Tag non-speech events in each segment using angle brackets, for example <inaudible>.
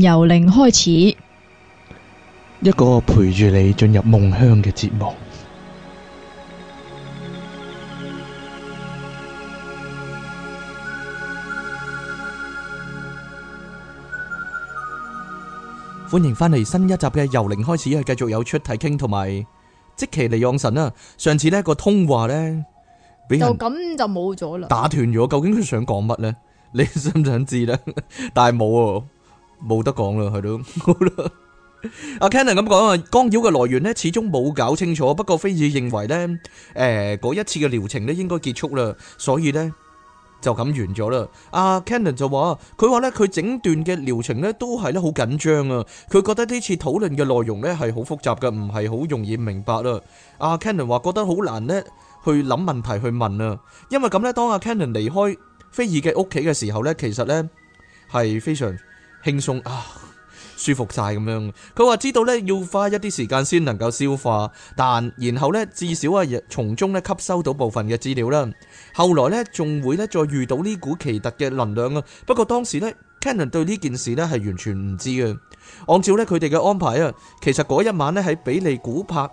由零開始，一個陪住你進入夢鄉嘅節目。歡迎翻嚟新一集嘅由零開始，係繼續有出題傾同埋即其嚟讓神啊。上次呢個通話呢，就咁就冇咗啦，打斷咗。究竟佢想講乜呢？你想唔想知呢？但係冇啊。冇得講啦，係咯，好啦。阿 Cannon 咁講啊，干擾嘅來源咧，始終冇搞清楚。不過，菲爾認為咧，誒嗰一次嘅療程咧，應該結束啦，所以咧就咁完咗啦。阿 Cannon 就話：佢話咧，佢整段嘅療程咧，都係咧好緊張啊。佢覺得呢次討論嘅內容咧係好複雜嘅，唔係好容易明白啦。阿 Cannon 話覺得好難咧去諗問題去問啊，因為咁咧，當阿 Cannon 離開菲爾嘅屋企嘅時候咧，其實咧係非常。輕鬆啊，舒服晒。咁樣。佢話知道呢，要花一啲時間先能夠消化，但然後呢，至少啊，從中呢，吸收到部分嘅資料啦。後來呢，仲會呢，再遇到呢股奇特嘅能量啊。不過當時呢 Cannon 對呢件事呢係完全唔知嘅。按照呢，佢哋嘅安排啊，其實嗰一晚呢，喺比利古柏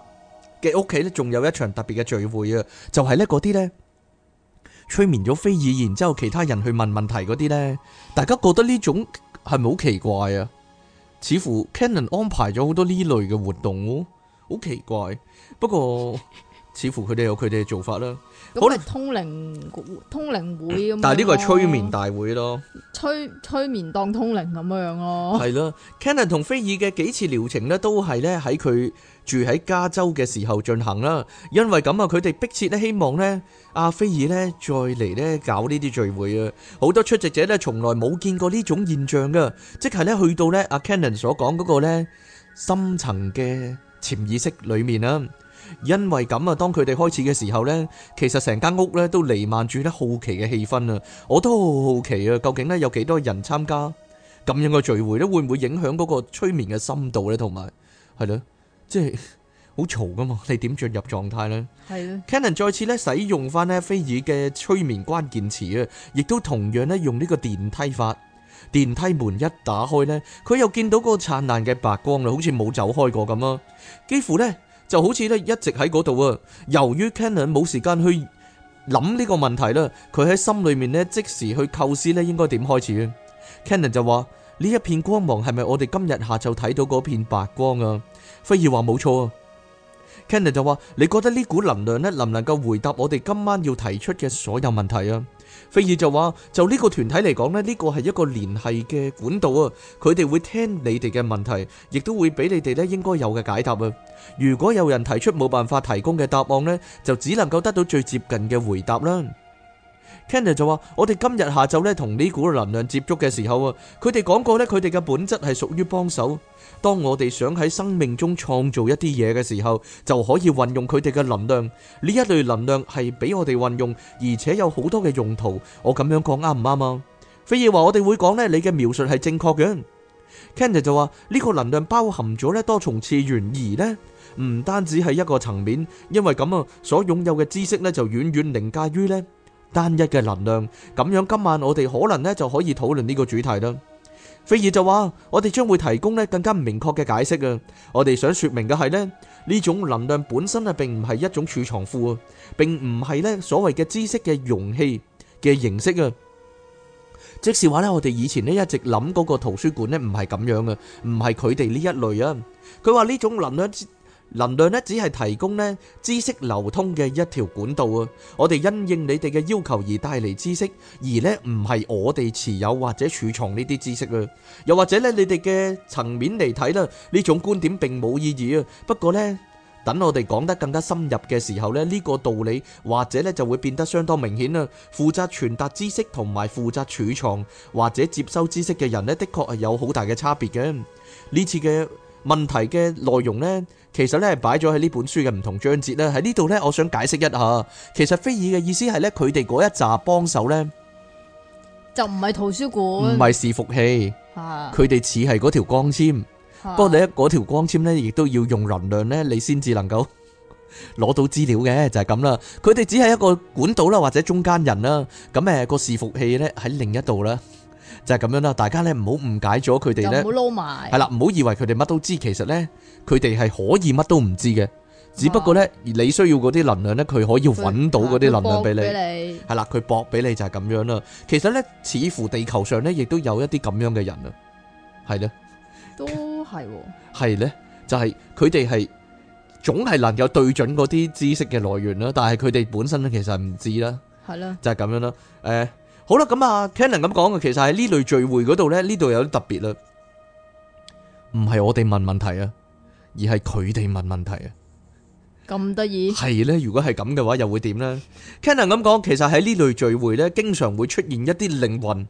嘅屋企呢，仲有一場特別嘅聚會啊。就係呢嗰啲呢，催眠咗菲爾，然之後其他人去問問題嗰啲呢，大家覺得呢種。係咪好奇怪啊？似乎 Canon 安排咗好多呢類嘅活動喎，啊，好奇怪。不過， <laughs> 似乎佢哋有佢哋嘅做法啦，咁咪通靈通靈會咁，但係呢個係催眠大會咯，催催眠當通靈咁樣咯，係啦。Cannon 同菲爾嘅幾次療程咧，都係咧喺佢住喺加州嘅時候進行啦。因為咁啊，佢哋迫切咧希望咧阿菲爾咧再嚟咧搞呢啲聚會啊，好多出席者咧從來冇見過呢種現象噶，即係咧去到咧阿 Cannon 所講嗰個咧深層嘅潛意識裡面啊。因為咁啊，當佢哋開始嘅時候呢，其實成間屋呢都瀰漫住咧好奇嘅氣氛啊！我都好好奇啊，究竟呢有幾多人參加咁樣嘅聚會呢？會唔會影響嗰個催眠嘅深度呢？同埋係咯，即係好嘈噶嘛，你點進入狀態呢？係啊的，Cannon 再次呢使用翻呢菲爾嘅催眠關鍵詞啊，亦都同樣呢用呢個電梯法。電梯門一打開呢，佢又見到個燦爛嘅白光啦，好似冇走開過咁啊！幾乎呢。就好似咧一直喺嗰度啊，由於 Cannon 冇時間去諗呢個問題啦，佢喺心裏面呢，即時去構思咧應該點開始啊。Cannon 就話：呢一片光芒係咪我哋今日下晝睇到嗰片白光啊？菲爾話冇錯啊。Cannon 就話：你覺得呢股能量咧能唔能夠回答我哋今晚要提出嘅所有問題啊？菲爾就話：就呢個團體嚟講咧，呢個係一個聯繫嘅管道啊。佢哋會聽你哋嘅問題，亦都會俾你哋咧應該有嘅解答啊。如果有人提出冇辦法提供嘅答案呢，就只能夠得到最接近嘅回答啦。k e n n e y 就話：我哋今日下晝咧同呢股能量接觸嘅時候啊，佢哋講過咧，佢哋嘅本質係屬於幫手。當我哋想喺生命中創造一啲嘢嘅時候，就可以運用佢哋嘅能量。呢一類能量係俾我哋運用，而且有好多嘅用途。我咁樣講啱唔啱啊？菲爾話：我哋會講咧，你嘅描述係正確嘅。k e n n e y 就話：呢、這個能量包含咗咧多重次元，疑呢，唔單止係一個層面，因為咁啊，所擁有嘅知識咧就遠遠凌駕於呢。單一嘅能量，咁樣今晚我哋可能呢就可以討論呢個主題啦。菲爾就話，我哋將會提供呢更加唔明確嘅解釋啊！我哋想說明嘅係呢，呢種能量本身啊，並唔係一種儲藏庫啊，並唔係呢所謂嘅知識嘅容器嘅形式啊！即是話呢，我哋以前呢一直諗嗰個圖書館呢，唔係咁樣啊，唔係佢哋呢一類啊。佢話呢種能量。能量咧，只係提供咧知識流通嘅一條管道啊！我哋因應你哋嘅要求而帶嚟知識，而呢唔係我哋持有或者儲藏呢啲知識啊！又或者呢，你哋嘅層面嚟睇啦，呢種觀點並冇意義啊！不過呢，等我哋講得更加深入嘅時候咧，呢個道理或者呢就會變得相當明顯啊！負責傳達知識同埋負責儲藏或者接收知識嘅人呢，的確係有好大嘅差別嘅。呢次嘅。問題嘅內容咧，其實咧係擺咗喺呢本書嘅唔同章節啦。喺呢度咧，我想解釋一下，其實菲爾嘅意思係咧，佢哋嗰一扎幫手咧，就唔係圖書館，唔係伺服器，佢哋似係嗰條光纖。不過你嗰條光纖咧，亦都要用能量咧，你先至能夠攞到資料嘅，就係咁啦。佢哋只係一個管道啦，或者中間人啦。咁誒個伺服器咧喺另一度啦。就係咁樣啦，大家咧唔好誤解咗佢哋咧，係啦，唔好以為佢哋乜都知，其實咧佢哋係可以乜都唔知嘅，只不過咧你需要嗰啲能量咧，佢可以揾到嗰啲能量俾你，係啦，佢搏俾你就係咁樣啦。其實咧，似乎地球上咧亦都有一啲咁樣嘅人啦，係咧，都係，係咧，就係佢哋係總係能夠對準嗰啲知識嘅來源啦，但係佢哋本身咧其實唔知啦，係啦，就係咁樣啦，誒。好啦，咁啊，Kenan 咁講啊，其實喺呢類聚會嗰度咧，呢度有啲特別啦，唔係我哋問問題啊，而係佢哋問問題啊，咁得意，係咧。如果係咁嘅話，又會點咧？Kenan 咁講，其實喺呢類聚會咧，經常會出現一啲靈魂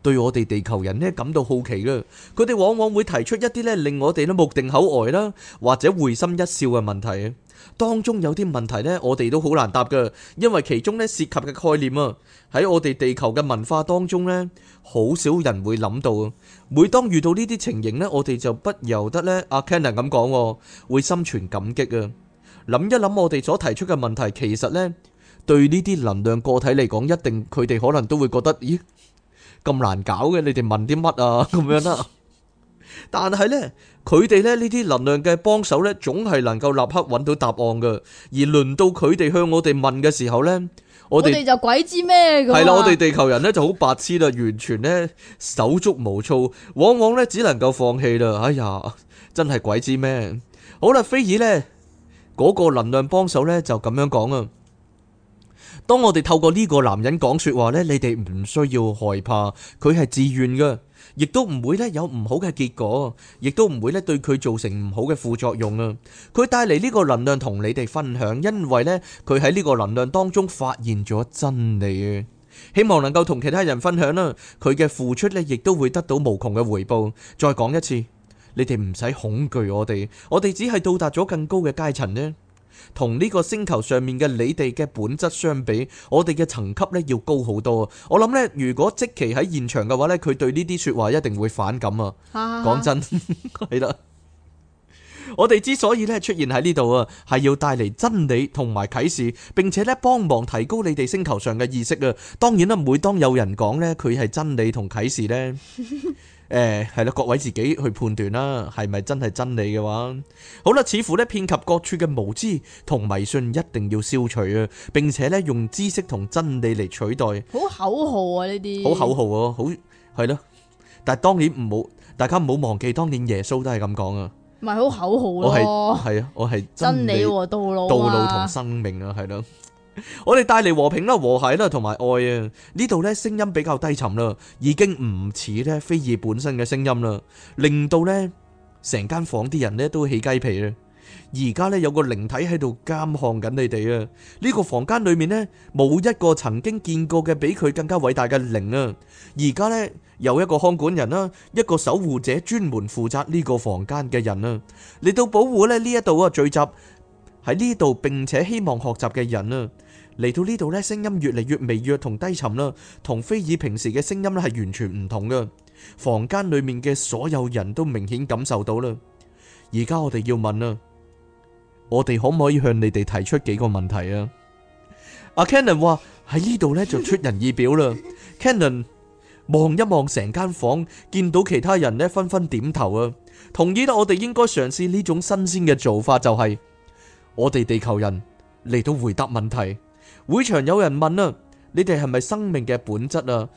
對我哋地球人咧感到好奇啦，佢哋往往會提出一啲咧令我哋都目定口呆啦，或者會心一笑嘅問題啊。當中有啲問題呢，我哋都好難答㗎，因為其中呢涉及嘅概念啊，喺我哋地球嘅文化當中呢，好少人會諗到。每當遇到呢啲情形呢，我哋就不由得呢，阿、啊、Kenan 咁講，會心存感激啊。諗一諗我哋所提出嘅問題，其實呢，對呢啲能量個體嚟講，一定佢哋可能都會覺得，咦，咁難搞嘅，你哋問啲乜啊，咁樣啦。但係呢，佢哋咧呢啲能量嘅幫手呢，總係能夠立刻揾到答案嘅。而輪到佢哋向我哋問嘅時候呢，我哋就鬼知咩嘅、啊。係啦、啊，我哋地球人呢就好白痴啦，完全呢手足無措，往往呢只能夠放棄啦。哎呀，真係鬼知咩？好啦，菲爾呢，嗰、那個能量幫手呢，就咁樣講啊。當我哋透過呢個男人講說話呢，你哋唔需要害怕，佢係自願噶，亦都唔會呢有唔好嘅結果，亦都唔會呢對佢造成唔好嘅副作用啊！佢帶嚟呢個能量同你哋分享，因為呢，佢喺呢個能量當中發現咗真理。希望能夠同其他人分享啦，佢嘅付出呢亦都會得到無窮嘅回報。再講一次，你哋唔使恐懼我哋，我哋只係到達咗更高嘅階層呢。同呢個星球上面嘅你哋嘅本質相比，我哋嘅層級呢要高好多啊！我諗呢，如果即期喺現場嘅話呢，佢對呢啲說話一定會反感啊！講 <laughs> 真係啦， <laughs> 我哋之所以呢出現喺呢度啊，係要帶嚟真理同埋啟示，並且呢幫忙提高你哋星球上嘅意識啊！當然啦，每當有人講呢，佢係真理同啟示呢。 <laughs> 誒，係啦、欸，各位自己去判斷啦，係咪真係真理嘅話，好啦，似乎呢，遍及各處嘅無知同迷信一定要消除啊，並且呢，用知識同真理嚟取代。好口號啊呢啲！好口號啊，好係咯，但係當然唔好，大家唔好忘記當年耶穌都係咁講啊，唔係好口號咯，係啊，我係真理道路、啊，道路同、啊、生命啊，係咯。我哋帶嚟和平啦、和諧啦，同埋愛啊！呢度呢，聲音比較低沉啦，已經唔似呢菲爾本身嘅聲音啦，令到呢成間房啲人呢都起雞皮啦。而家呢，有個靈體喺度監看緊你哋啊！呢個房間裏面呢，冇一個曾經見過嘅比佢更加偉大嘅靈啊！而家呢，有一個看管人啦，一個守護者專門負責呢個房間嘅人啦，嚟到保護呢一度嗰個聚集喺呢度並且希望學習嘅人啦。嚟到呢度咧，聲音越嚟越微弱同低沉啦，同菲爾平時嘅聲音咧係完全唔同嘅。房間裡面嘅所有人都明顯感受到啦。而家我哋要問啦，我哋可唔可以向你哋提出幾個問題啊？阿 Cannon 話喺呢度咧就出人意表啦。Cannon 望一望成間房，見到其他人咧紛紛點頭啊，同意啦。我哋應該嘗試呢種新鮮嘅做法，就係我哋地球人嚟到回答問題。會場有人問啊，你哋係咪生命嘅本質啊？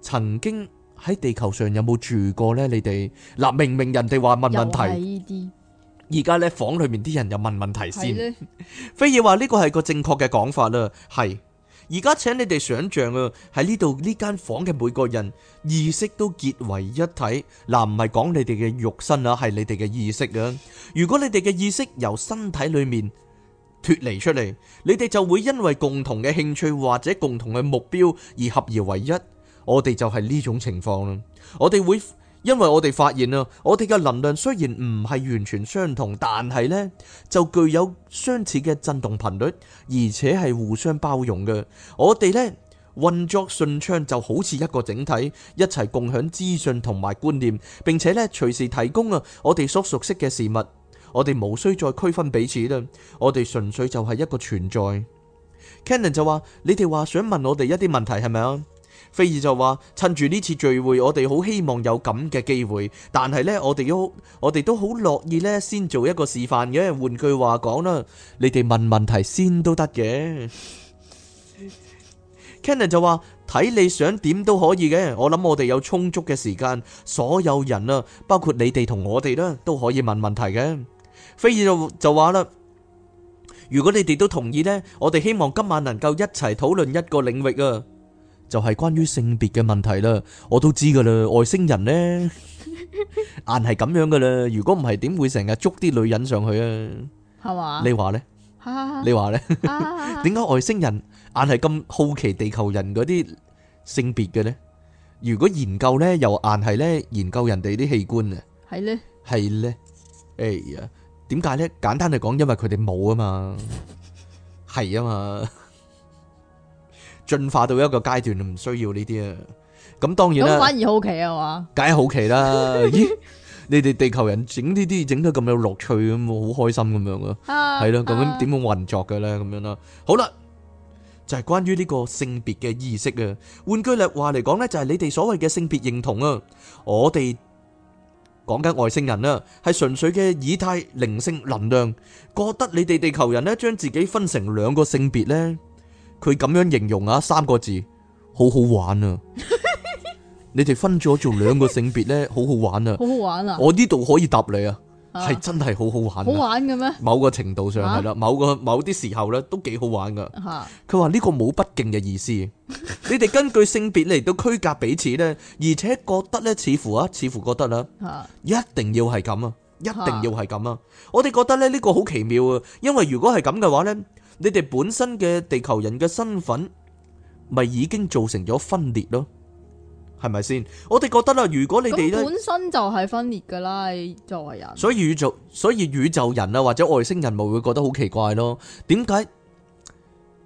曾經喺地球上有冇住過呢？你哋嗱，明明人哋話問問題，而家呢房裏面啲人又問問題先。菲爾話呢個係個正確嘅講法啦，係而家請你哋想象啊，喺呢度呢間房嘅每個人意識都結為一體。嗱，唔係講你哋嘅肉身啊，係你哋嘅意識啊。如果你哋嘅意識由身體裏面。脫離出嚟，你哋就會因為共同嘅興趣或者共同嘅目標而合而為一。我哋就係呢種情況啦。我哋會因為我哋發現啦，我哋嘅能量雖然唔係完全相同，但係呢就具有相似嘅震動頻率，而且係互相包容嘅。我哋呢，運作順暢就好似一個整體，一齊共享資訊同埋觀念，並且呢隨時提供啊我哋所熟悉嘅事物。我哋無需再區分彼此啦，我哋純粹就係一個存在。Cannon 就話：你哋話想問我哋一啲問題係咪啊？菲爾就話：趁住呢次聚會，我哋好希望有咁嘅機會，但係呢，我哋都我哋都好樂意呢，先做一個示範嘅。換句話講啦，你哋問問題先都得嘅。Cannon 就話：睇你想點都可以嘅，我諗我哋有充足嘅時間，所有人啊，包括你哋同我哋啦，都可以問問題嘅。飛就就話啦，如果你哋都同意咧，我哋希望今晚能夠一齊討論一個領域啊，就係關於性別嘅問題啦。我都知噶啦，外星人咧，硬係咁樣噶啦。如果唔係，點會成日捉啲女人上去啊？係嘛？你話咧？你話咧？點解外星人硬係咁好奇地球人嗰啲性別嘅咧？如果研究咧，又硬係咧研究人哋啲器官啊？係咧？係咧？哎呀！點解咧？簡單嚟講，因為佢哋冇啊嘛，係啊嘛，進化到一個階段唔需要呢啲啊。咁當然啦，反而好奇啊話，梗係好奇啦。咦，你哋地球人整呢啲整得咁有樂趣咁，好開心咁樣啊？係咯，咁樣點樣運作嘅咧？咁樣啦，好啦，就係關於呢個性別嘅意識啊。換句話嚟講咧，就係你哋所謂嘅性別認同啊。我哋。講緊外星人啦，係純粹嘅以太靈性能量，覺得你哋地球人呢，將自己分成兩個性別呢，佢咁樣形容啊，三個字，好好玩啊！ <laughs> 你哋分咗做兩個性別呢，好好玩啊！好好玩啊！我呢度，可以答你啊！係真係好好玩，好玩嘅咩？某個程度上係啦、啊，某個某啲時候咧都幾好玩噶。佢話呢個冇不敬嘅意思， <laughs> 你哋根據性別嚟到區隔彼此呢，而且覺得呢，似乎啊，似乎覺得啦、啊，一定要係咁啊，一定要係咁啊！我哋覺得咧呢個好奇妙啊，因為如果係咁嘅話呢，你哋本身嘅地球人嘅身份咪已經造成咗分裂咯。係咪先？我哋覺得啦，如果你哋咧本身就係分裂噶啦，作為人，所以宇宙，所以宇宙人啊，或者外星人咪會覺得好奇怪咯。點解？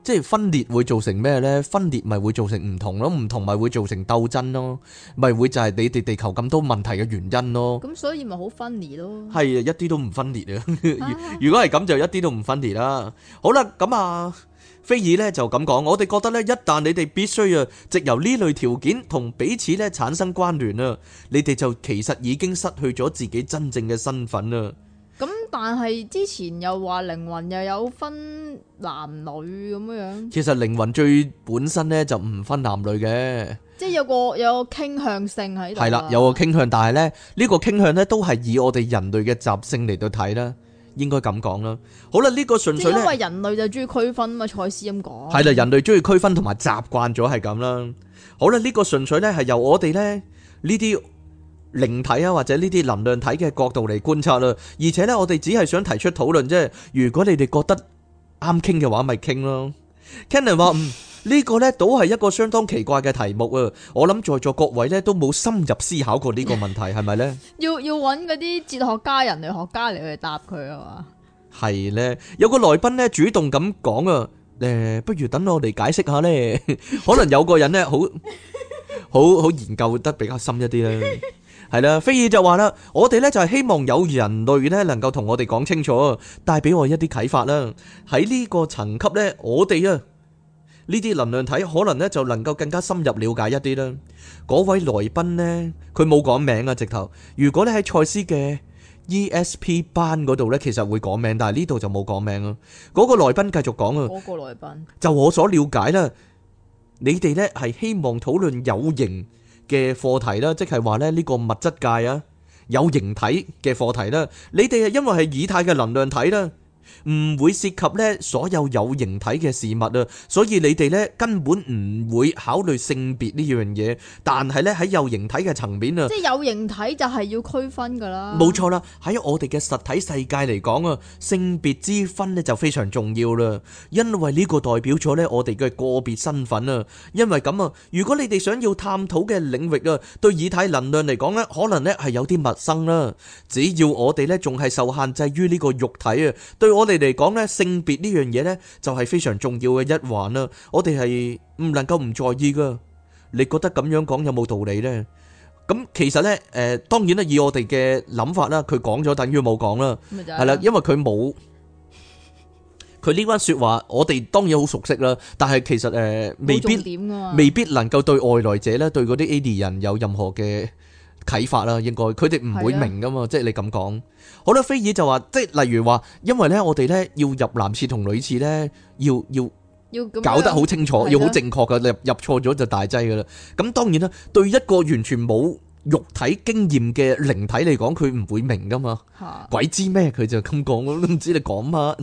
即係分裂會造成咩呢？分裂咪會造成唔同咯，唔同咪會造成鬥爭咯，咪會就係你哋地球咁多問題嘅原因咯。咁所以咪好分裂咯。係啊 <laughs> 一啲都唔分裂啊！如果係咁就一啲都唔分裂啦。好啦，咁啊。菲爾咧就咁講，我哋覺得咧，一旦你哋必須啊，藉由呢類條件同彼此咧產生關聯啊，你哋就其實已經失去咗自己真正嘅身份啦。咁但係之前又話靈魂又有分男女咁樣，其實靈魂最本身咧就唔分男女嘅，即係有個有個傾向性喺度。係啦，有個傾向，但係咧呢個傾向咧都係以我哋人類嘅習性嚟到睇啦。應該咁講啦。好啦，呢個純粹咧，即係因為人類就中意區分嘛。蔡司咁講係啦，人類中意區分同埋習慣咗係咁啦。好啦，呢個純粹咧係由我哋咧呢啲靈體啊或者呢啲能量體嘅角度嚟觀察啦。而且咧，我哋只係想提出討論啫。如果你哋覺得啱傾嘅話，咪傾咯。Cannon 話。呢個咧都係一個相當奇怪嘅題目啊！我諗在座各位咧都冇深入思考過呢個問題，係咪咧？要要揾嗰啲哲學家、人類學家嚟去答佢啊？係咧，有個來賓咧主動咁講啊！誒，不如等我哋解釋下咧，可能有個人咧好好好研究得比較深一啲啦。係啦，菲爾就話啦，我哋咧就係希望有人類咧能夠同我哋講清楚，帶俾我一啲啟發啦。喺呢個層級咧，我哋啊。呢啲能量體可能咧就能夠更加深入了解一啲啦。嗰位來賓咧，佢冇講名啊，直頭。如果你喺賽斯嘅 ESP 班嗰度咧，其實會講名，但係呢度就冇講名啦。嗰個來賓繼續講啊，嗰個來賓就我所了解啦。你哋咧係希望討論有形嘅課題啦，即係話咧呢個物質界啊，有形體嘅課題啦。你哋係因為係以太嘅能量體啦。唔會涉及咧所有有形體嘅事物啊，所以你哋咧根本唔會考慮性別呢樣嘢。但係咧喺有形體嘅層面啊，即係有形體就係要區分噶啦。冇錯啦，喺我哋嘅實體世界嚟講啊，性別之分咧就非常重要啦，因為呢個代表咗咧我哋嘅個別身份啊。因為咁啊，如果你哋想要探討嘅領域啊，對以太能量嚟講咧，可能咧係有啲陌生啦。只要我哋咧仲係受限制於呢個肉體啊，對。我哋嚟講咧，性別呢樣嘢咧，就係非常重要嘅一環啦。我哋係唔能夠唔在意噶。你覺得咁樣講有冇道理咧？咁其實咧，誒，當然啦，以我哋嘅諗法啦，佢講咗等於冇講啦，係啦，因為佢冇佢呢番說話，我哋當然好熟悉啦。但係其實誒，未必未必能夠對外來者咧，對嗰啲 alien 人有任何嘅。啟發啦，應該佢哋唔會明噶嘛。的即係你咁講。好多菲爾就話，即係例如話，因為咧，我哋咧要入男廁同女廁咧，要要搞得好清楚，要好正確噶的，入入錯咗就大劑噶啦。咁當然啦，對一個完全冇。肉體經驗嘅靈體嚟講，佢唔會明噶嘛，鬼知咩，佢就咁講， <laughs> 我都唔知你講乜。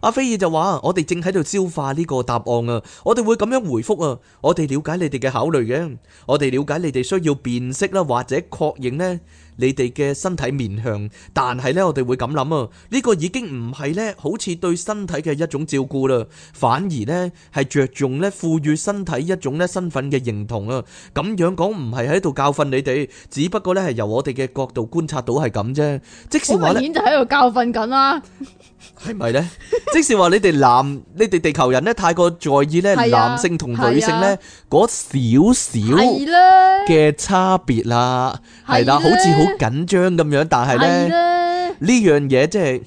阿菲爾就話：我哋正喺度消化呢個答案啊，我哋會咁樣回覆啊，我哋了解你哋嘅考慮嘅，我哋了解你哋需要辨識啦，或者確認呢。你哋嘅身體面向，但係呢，我哋會咁諗啊，呢個已經唔係呢，好似對身體嘅一種照顧啦，反而呢，係着重呢，賦予身體一種呢身份嘅認同啊。咁樣講唔係喺度教訓你哋，只不過呢，係由我哋嘅角度觀察到係咁啫。即係好明顯就喺度教訓緊啦。 <laughs> 係咪咧？ <laughs> 即使話你哋男，你哋地球人咧太過在意咧男性同女性咧嗰少少啦嘅差別啦，係啦，好似好緊張咁樣，但係咧呢、啊、樣嘢即係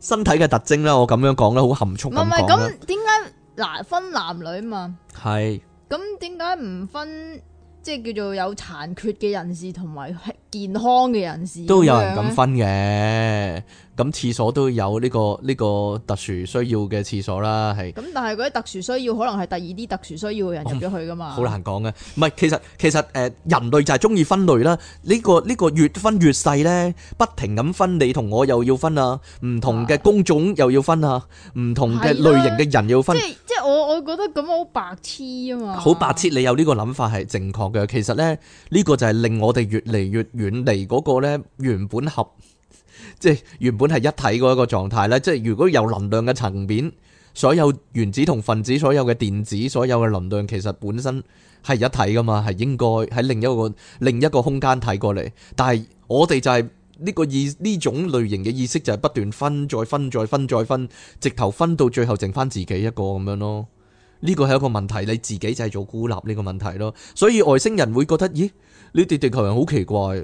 身體嘅特徵啦，我咁樣講咧好含蓄咁講啦。唔係咁，點解嗱分男女嘛？係咁點解唔分？即係叫做有殘缺嘅人士同埋健康嘅人士都有人咁分嘅，咁、嗯、廁所都有呢、呢個呢、呢個特殊需要嘅廁所啦，係。咁但係嗰啲特殊需要，可能係第二啲特殊需要嘅人入咗去噶嘛？好、嗯、難講嘅，唔係其實其實誒、呃、人類就係中意分類啦。呢、呢個呢、呢個越分越細咧，不停咁分，你同我又要分啊，唔同嘅工種又要分啊，唔的同嘅類型嘅人要分。的我我覺得咁好白痴啊嘛！好白痴，你有呢個諗法係正確嘅。其實咧，呢個就係令我哋越嚟越遠離嗰個咧原本合，即係原本係一體嗰一個狀態咧。即係如果有能量嘅層面，所有原子同分子、所有嘅電子、所有嘅能量，其實本身係一體噶嘛，係應該喺另一個另一個空間睇過嚟。但係我哋就係。呢個意呢種類型嘅意識就係不斷分再分再分再分，直頭分到最後剩翻自己一個咁樣咯。呢個係一個問題，你自己就係做孤立呢個問題咯。所以外星人會覺得，咦？你哋地球人好奇怪，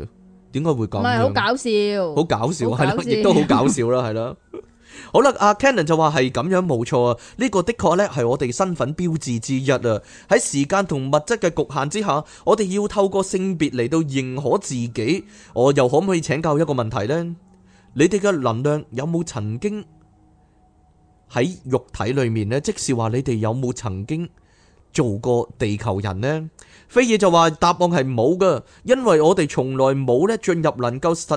點解會咁？唔係好搞笑？好搞笑，係咯，亦都好搞笑啦，係咯了。 <laughs> 好啦，阿 Canon 就話係咁樣冇錯啊，呢、這個的確呢係我哋身份標誌之一啊。喺時間同物質嘅局限之下，我哋要透過性別嚟到認可自己。我、哦、又可唔可以請教一個問題呢？你哋嘅能量有冇曾經喺肉體裏面咧？即是話你哋有冇曾經做過地球人呢？菲爾就話答案係冇㗎，因為我哋從來冇呢進入能夠實。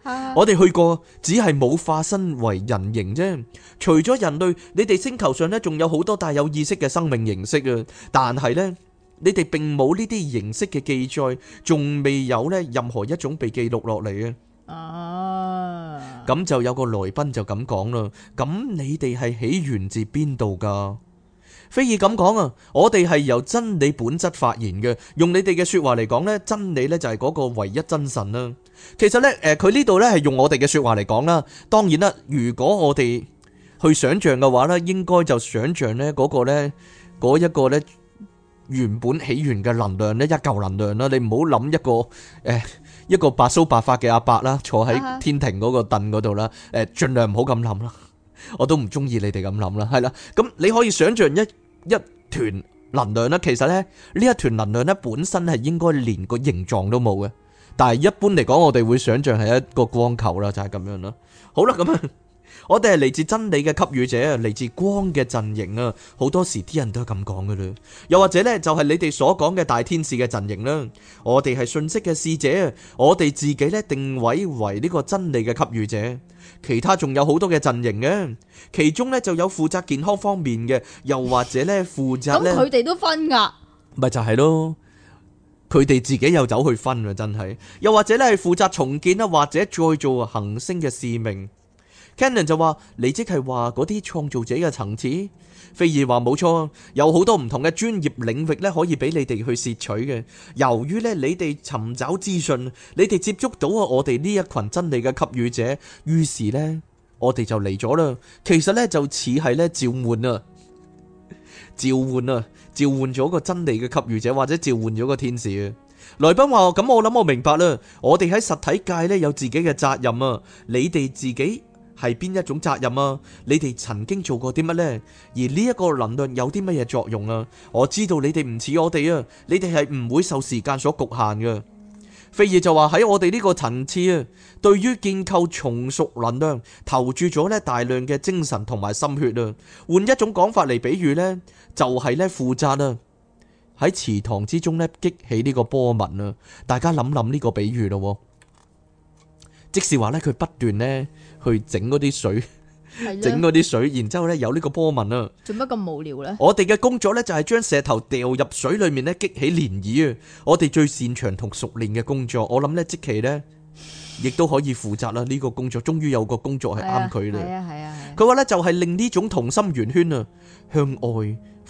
我哋去過，只係冇化身為人形啫。除咗人類，你哋星球上呢仲有好多帶有意識嘅生命形式啊。但係呢，你哋並冇呢啲形式嘅記載，仲未有呢任何一種被記錄落嚟啊。哦，咁就有個來賓就咁講啦。咁你哋係起源自邊度噶？菲爾咁講啊，我哋係由真理本質發言嘅，用你哋嘅說話嚟講呢，真理呢就係嗰個唯一真神啦。其實呢，誒、呃，佢呢度呢係用我哋嘅說話嚟講啦。當然啦，如果我哋去想象嘅話呢，應該就想象呢嗰個呢，嗰一個呢原本起源嘅能量呢，一嚿能量啦。你唔好諗一個誒、呃，一個白須白髮嘅阿伯啦，坐喺天庭嗰個凳嗰度啦。誒、呃，盡量唔好咁諗啦。我都唔中意你哋咁諗啦，係啦，咁你可以想象一一團能量咧，其實呢，呢一團能量呢本身係應該連個形狀都冇嘅，但係一般嚟講，我哋會想象係一個光球啦，就係咁樣啦。好啦，咁樣。我哋係嚟自真理嘅給予者，嚟自光嘅陣營啊！好多時啲人都係咁講噶啦，又或者呢，就係你哋所講嘅大天使嘅陣營啦。我哋係信息嘅使者，我哋自己呢定位為呢個真理嘅給予者。其他仲有好多嘅陣營嘅，其中呢就有負責健康方面嘅，又或者呢負責咁佢哋都分噶，咪就係咯，佢哋自己又走去分啊！真係，又或者呢，係負責重建啊，或者再做行星嘅使命。Cannon 就話，你即係話嗰啲創造者嘅層次。菲爾話冇錯，有好多唔同嘅專業領域咧，可以俾你哋去攝取嘅。由於咧，你哋尋找資訊，你哋接觸到啊，我哋呢一群真理嘅給予者。於是呢，我哋就嚟咗啦。其實呢，就似係咧召喚啊，召喚啊，召喚咗個真理嘅給予者，或者召喚咗個天使啊。來賓話，咁我諗我明白啦。我哋喺實體界咧有自己嘅責任啊。你哋自己。係邊一種責任啊？你哋曾經做過啲乜呢？而呢一個能量有啲乜嘢作用啊？我知道你哋唔似我哋啊，你哋係唔會受時間所局限嘅。菲爾就話，喺我哋呢個層次啊，對於建構重塑能量投注咗咧大量嘅精神同埋心血啊。換一種講法嚟比喻呢，就係咧負責啊。喺池塘之中呢，激起呢個波紋啊，大家諗諗呢個比喻咯。即使話咧，佢不斷咧去整嗰啲水，整嗰啲水，然之後咧有呢個波紋啦。做乜咁無聊咧？我哋嘅工作咧就係將石頭掉入水裏面咧激起漣漪啊！我哋最擅長同熟練嘅工作，我諗咧即期咧亦都可以負責啦。呢個工作終於有個工作係啱佢啦。係啊係啊，佢話咧就係令呢種同心圓圈啊向外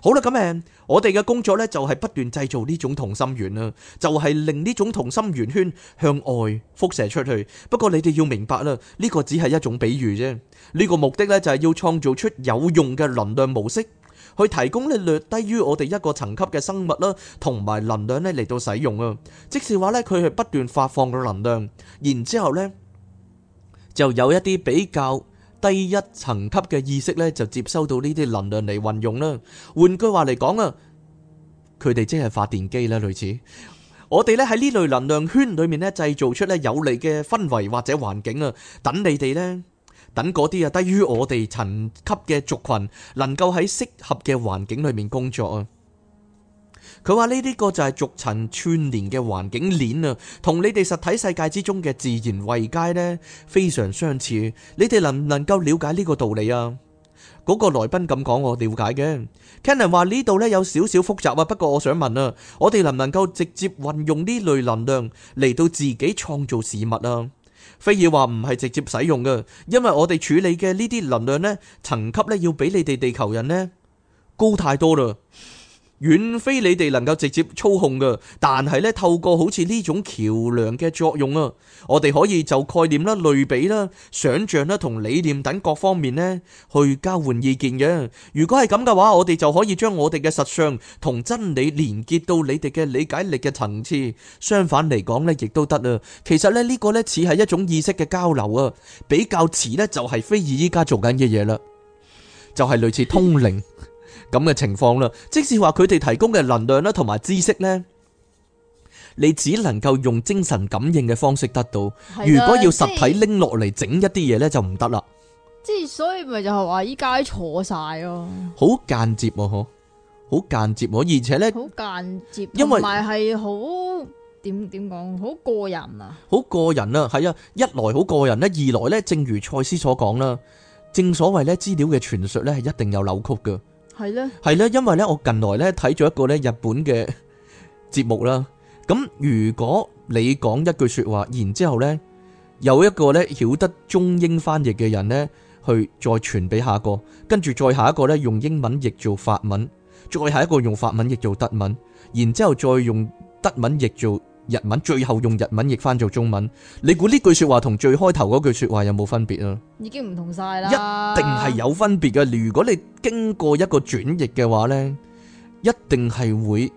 好啦，咁誒，我哋嘅工作呢就係不斷製造呢種同心圓啦，就係令呢種同心圓圈向外輻射出去。不過你哋要明白啦，呢個只係一種比喻啫。呢個目的呢就係要創造出有用嘅能量模式，去提供咧略低於我哋一個層級嘅生物啦，同埋能量呢嚟，到使用啊。即是話呢，佢係不斷發放嘅能量，然之後呢就有一啲比較。低一層級嘅意識呢，就接收到呢啲能量嚟運用啦。換句話嚟講啊，佢哋即係發電機啦，類似我哋呢喺呢類能量圈裏面呢，製造出呢有利嘅氛圍或者環境啊，等你哋呢，等嗰啲啊低於我哋層級嘅族群，能夠喺適合嘅環境裏面工作啊。佢話呢啲個就係逐層串聯嘅環境鏈啊，同你哋實體世界之中嘅自然位階呢，非常相似。你哋能唔能夠了解呢個道理啊？嗰個來賓咁講，我了解嘅。Cannon 話呢度呢有少少複雜啊，不過我想問啊，我哋能唔能夠直接運用呢類能量嚟到自己創造事物啊？非爾話唔係直接使用噶，因為我哋處理嘅呢啲能量呢，層級呢要比你哋地球人呢高太多啦。遠非你哋能夠直接操控嘅，但係咧透過好似呢種橋樑嘅作用啊，我哋可以就概念啦、類比啦、想象啦同理念等各方面咧去交換意見嘅。如果係咁嘅話，我哋就可以將我哋嘅實相同真理連結到你哋嘅理解力嘅層次。相反嚟講咧，亦都得啊。其實咧呢個咧似係一種意識嘅交流啊，比較遲咧就係菲爾依家做緊嘅嘢啦，就係類似通靈。咁嘅情況啦，即使話佢哋提供嘅能量啦，同埋知識咧，你只能夠用精神感應嘅方式得到。如果要實體拎落嚟整一啲嘢咧，就唔得啦。即係所以咪就係話依家坐晒咯，好間接哦，好間接哦，而且咧好間接，因為係好點點講好個人啊，好個人啊，係啊，一來好個人咧，二來咧，正如賽斯所講啦，正所謂咧資料嘅傳述咧係一定有扭曲嘅。係咧，係咧，因為咧，我近來咧睇咗一個咧日本嘅節目啦。咁如果你講一句說話，然之後咧有一個咧曉得中英翻譯嘅人咧，去再傳俾下個，跟住再下一個咧用英文譯做法文，再下一個用法文譯做德文，然之後再用德文譯做。日文最後用日文譯翻做中文，你估呢句說話同最開頭嗰句說話有冇分別啊？已經唔同晒啦！一定係有分別嘅。如果你經過一個轉譯嘅話咧，一定係會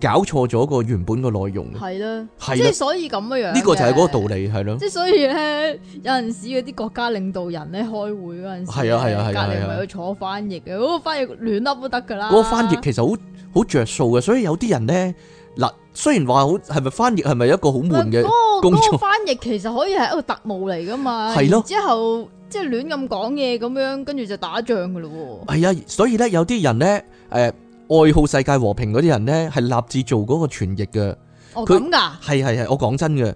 搞錯咗個原本個內容。係啦，係啦，即係所以咁嘅樣，呢個就係嗰個道理，係咯。即係所以咧，有陣時嗰啲國家領導人咧開會嗰陣時，係啊係啊係啊，隔籬咪要坐翻譯嘅，嗰個翻譯亂笠都得噶啦。嗰個翻譯其實好好着數嘅，所以有啲人咧。嗱，雖然話好係咪翻譯係咪一個好悶嘅工作？嗰個嗰個，翻譯其實可以係一個特務嚟噶嘛。係咯的。之後即係，就是，亂咁講嘢咁樣，跟住就打仗噶咯喎。係啊，所以咧有啲人咧，誒、呃、愛好世界和平嗰啲人咧，係立志做嗰個傳譯嘅。哦，咁㗎他？係係係，我講真嘅。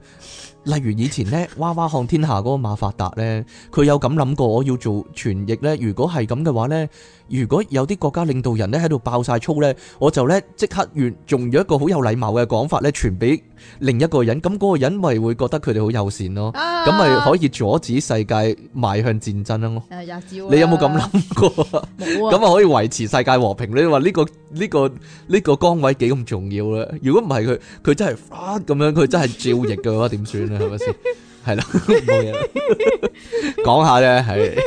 例如以前咧，娃娃看天下嗰個馬發達咧，佢有咁諗過，我要做傳譯咧。如果係咁嘅話咧，如果有啲國家領導人咧喺度爆晒粗咧，我就咧即刻完，仲有一個好有禮貌嘅講法咧，傳俾另一個人。咁嗰個人咪會覺得佢哋好友善咯，咁咪、啊、可以阻止世界邁向戰爭咯。啊、你有冇咁諗過？冇啊，咁啊可以維持世界和平。咧、呢個，你話、呢、呢個呢、呢個呢個崗位幾咁重要咧？如果唔係佢，佢真係咁 <laughs> 樣，佢真係照譯嘅話點算咧？係咪先？係啦， <laughs> <laughs> 冇嘢啦，講下啫，係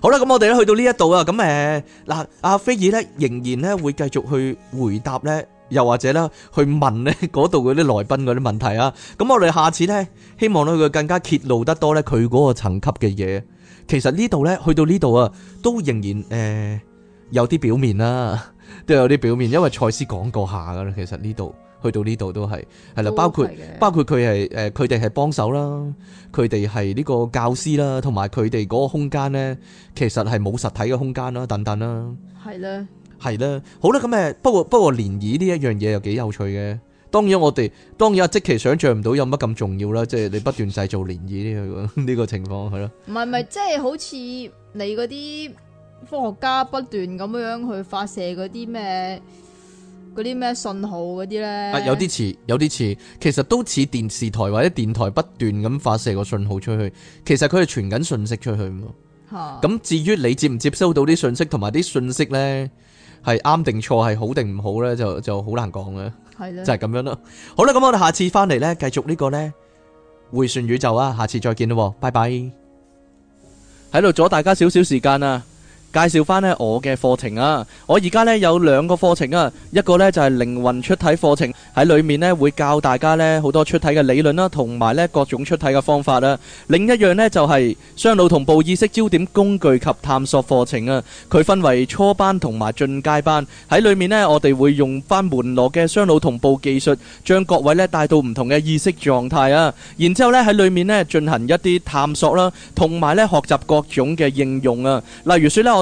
好啦，咁我哋咧去到呢一度啊，咁誒嗱，阿菲爾咧仍然咧會繼續去回答咧，又或者咧去問咧嗰度嗰啲來賓嗰啲問題啊。咁我哋下次咧，希望咧佢更加揭露得多咧佢嗰個層級嘅嘢。其實呢度咧，去到呢度啊，都仍然誒、呃、有啲表面啦，都有啲表面，因為賽斯講過下噶啦。其實呢度。去到呢度都係，係啦，包括包括佢係誒，佢哋係幫手啦，佢哋係呢個教師啦，同埋佢哋嗰個空間咧，其實係冇實體嘅空間啦，等等啦，係啦，係啦，好啦，咁誒，不過不過漣漪呢一樣嘢又幾有趣嘅，當然我哋當然阿即其想象唔到有乜咁重要啦，即係你不斷製造漣漪呢個呢 <laughs> 個情況係咯，唔係唔係，即係好似你嗰啲科學家不斷咁樣去發射嗰啲咩？嗰啲咩信號嗰啲呢？啊，有啲似，有啲似，其實都似電視台或者電台不斷咁發射個信號出去，其實佢係傳緊信息出去咁。咁、啊、至於你接唔接收到啲信息，同埋啲信息呢？係啱定錯，係好定唔好呢？就就好難講嘅。係的就係咁樣咯。好啦，咁我哋下次翻嚟呢，繼續呢個呢，回旋宇宙啊！下次再見啦，拜拜。喺度 <music> 阻大家少少時間啊！介紹翻呢我嘅課程啊！我而家呢有兩個課程啊，一個呢就係靈魂出體課程，喺裏面呢會教大家呢好多出體嘅理論啦，同埋呢各種出體嘅方法啦。另一樣呢就係雙腦同步意識焦點工具及探索課程啊。佢分為初班同埋進階班，喺裏面呢我哋會用翻門羅嘅雙腦同步技術，將各位呢帶到唔同嘅意識狀態啊。然之後呢喺裏面呢進行一啲探索啦，同埋呢學習各種嘅應用啊。例如説呢我。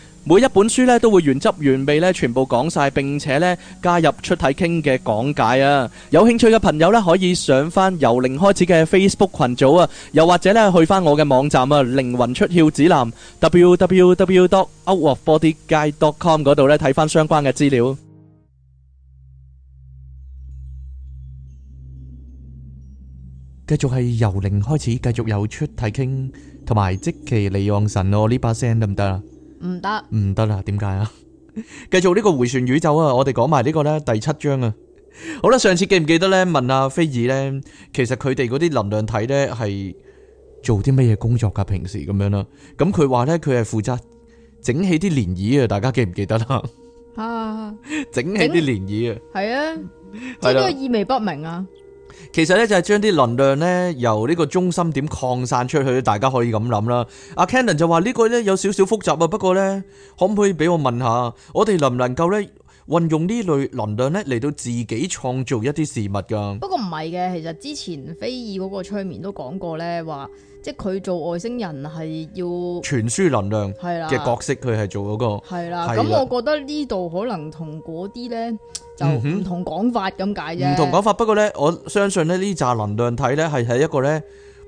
每一本書咧都會原汁原味咧全部講晒，並且咧加入出體傾嘅講解啊。有興趣嘅朋友咧可以上翻由零開始嘅 Facebook 群組啊，又或者咧去翻我嘅網站啊，靈魂出竅指南 w w w dot out of body guide dot com 嗰度咧睇翻相關嘅資料。繼續係由零開始，繼續有出體傾，同埋即其利旺神。我呢把聲得唔得啊？唔得，唔得啦，點解啊？繼續呢個回旋宇宙啊，我哋講埋呢個咧第七章啊。好啦，上次記唔記得咧問阿菲爾咧，其實佢哋嗰啲能量體咧係做啲乜嘢工作噶？平時咁樣啦，咁佢話咧佢係負責整起啲漣漪啊！大家記唔記得啦？啊，整起啲漣漪啊，係啊，即係意味不明啊。其實咧就係將啲能量咧由呢個中心點擴散出去，大家可以咁諗啦。阿 Kenon 就話呢個咧有少少複雜啊，不過咧可唔可以俾我問下，我哋能唔能夠咧運用呢類能量咧嚟到自己創造一啲事物噶？不過唔係嘅，其實之前菲爾嗰個催眠都講過咧，話即係佢做外星人係要傳輸能量係啦嘅角色，佢係做嗰個係啦。咁我覺得呢度可能同嗰啲咧。唔同講法咁解啫，唔同講法。不過咧，我相信咧呢紮能量體咧係喺一個咧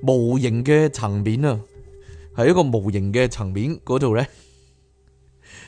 無形嘅層面啊，係一個無形嘅層面嗰度咧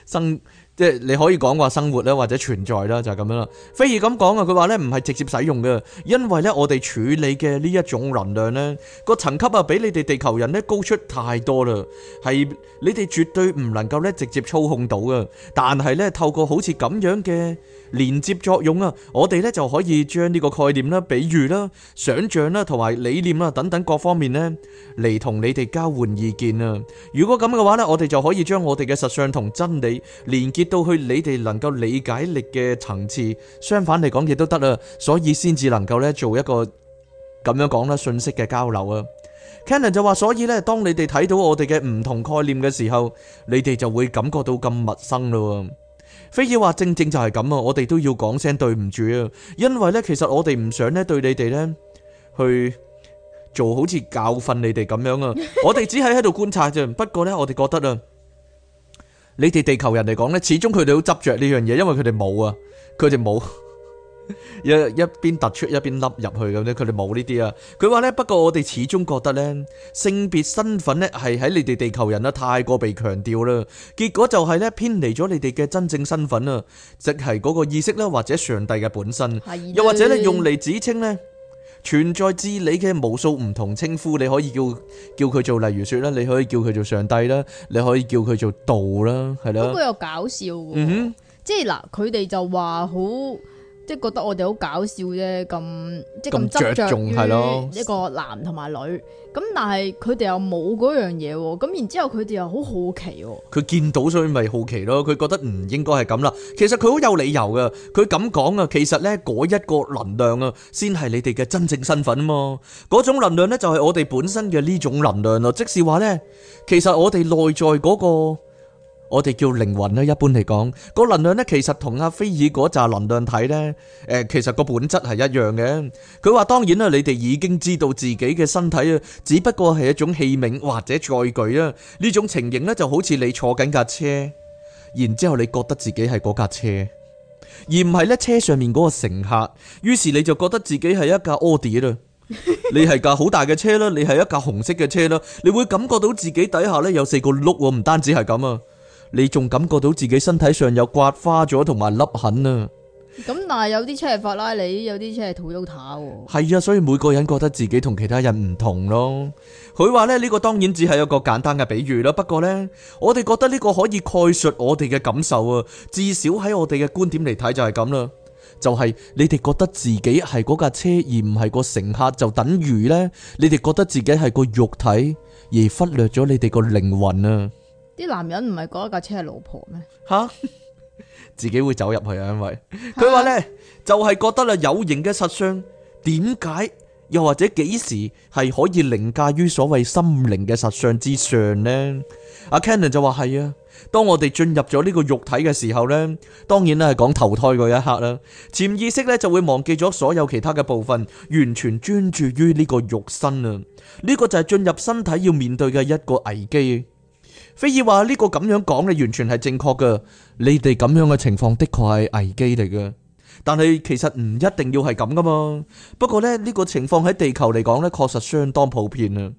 生即係你可以講話生活啦，或者存在啦，就係咁樣啦。菲爾咁講啊，佢話咧唔係直接使用嘅，因為咧我哋處理嘅呢一種能量咧個層級啊，比你哋地球人咧高出太多啦，係你哋絕對唔能夠咧直接操控到啊。但係咧透過好似咁樣嘅。連接作用啊，我哋咧就可以將呢個概念啦、比喻啦、想像啦同埋理念啦等等各方面咧嚟同你哋交換意見啊。如果咁嘅話咧，我哋就可以將我哋嘅實相同真理連結到去你哋能夠理解力嘅層次，相反嚟講亦都得啊。所以先至能夠咧做一個咁樣講啦，信息嘅交流啊。Canon 就話：「所以咧，當你哋睇到我哋嘅唔同概念嘅時候，你哋就會感覺到咁陌生咯。」非要話：正正就係咁啊，我哋都要講聲對唔住啊，因為呢，其實我哋唔想呢對你哋呢去做好似教訓你哋咁樣啊，我哋只係喺度觀察啫。不過呢，我哋覺得啊，你哋地球人嚟講呢，始終佢哋好執着呢樣嘢，因為佢哋冇啊，佢哋冇。一一邊突出一邊凹入去咁呢，佢哋冇呢啲啊。佢話呢，不過我哋始終覺得呢，性別身份呢係喺你哋地球人呢太過被強調啦，結果就係呢，偏離咗你哋嘅真正身份啊，即係嗰個意識啦，或者上帝嘅本身，的又或者呢，用嚟指稱呢，存在至理嘅無數唔同稱呼，你可以叫叫佢做，例如說啦，你可以叫佢做上帝啦，你可以叫佢做道啦，係咯。咁又搞笑，嗯哼、mm，hmm。即係嗱，佢哋就話好。即係覺得我哋好搞笑啫，咁即係咁著重係一個男同埋女，咁的但係佢哋又冇嗰樣嘢，咁然之後佢哋又好好奇，佢見到所以咪好奇咯。佢覺得唔應該係咁啦，其實佢好有理由噶。佢咁講啊，其實咧嗰一個能量啊，先係你哋嘅真正身份啊嘛。嗰種能量咧就係我哋本身嘅呢種能量咯，即是話咧，其實我哋內在嗰個。我哋叫靈魂咧。一般嚟講，個能量呢其實同阿菲爾嗰紮能量體呢，誒、呃，其實個本質係一樣嘅。佢話：當然啦，你哋已經知道自己嘅身體啊，只不過係一種器皿或者載具啊。呢種情形呢就好似你坐緊架車，然之後你覺得自己係嗰架車，而唔係呢車上面嗰個乘客。於是你就覺得自己係一架奧迪啦，你係架好大嘅車啦，你係一架紅色嘅車啦，你會感覺到自己底下呢有四個轆喎，唔單止係咁啊！你仲感覺到自己身體上有刮花咗同埋凹痕啊！咁但係有啲車係法拉利，有啲車係土丘塔喎啊。係啊，所以每個人覺得自己同其他人唔同咯。佢話咧呢，呢個當然只係一個簡單嘅比喻啦。不過呢，我哋覺得呢個可以概述我哋嘅感受啊。至少喺我哋嘅觀點嚟睇就係咁啦。就係、是、你哋覺得自己係嗰架車而唔係個乘客，就等於呢，你哋覺得自己係個肉體而忽略咗你哋個靈魂啊！啲男人唔係講一架車係老婆咩？吓、 <laughs> 啊，自己會走入去啊！因為佢話 <laughs> 呢，就係、是、覺得啦，有形嘅實相點解又或者幾時係可以凌駕於所謂心靈嘅實相之上呢？阿 Kenon <laughs> 就話係啊，當我哋進入咗呢個肉體嘅時候呢，當然咧係講投胎嗰一刻啦，潛意識呢，就會忘記咗所有其他嘅部分，完全專注於呢個肉身啊！呢、這個就係進入身體要面對嘅一個危機。菲爾話，呢個咁樣講，你完全係正確㗎。你哋咁樣嘅情況的確係危機嚟㗎，但係其實唔一定要係咁噶嘛。不過呢，呢個情況喺地球嚟講呢，確實相當普遍啊。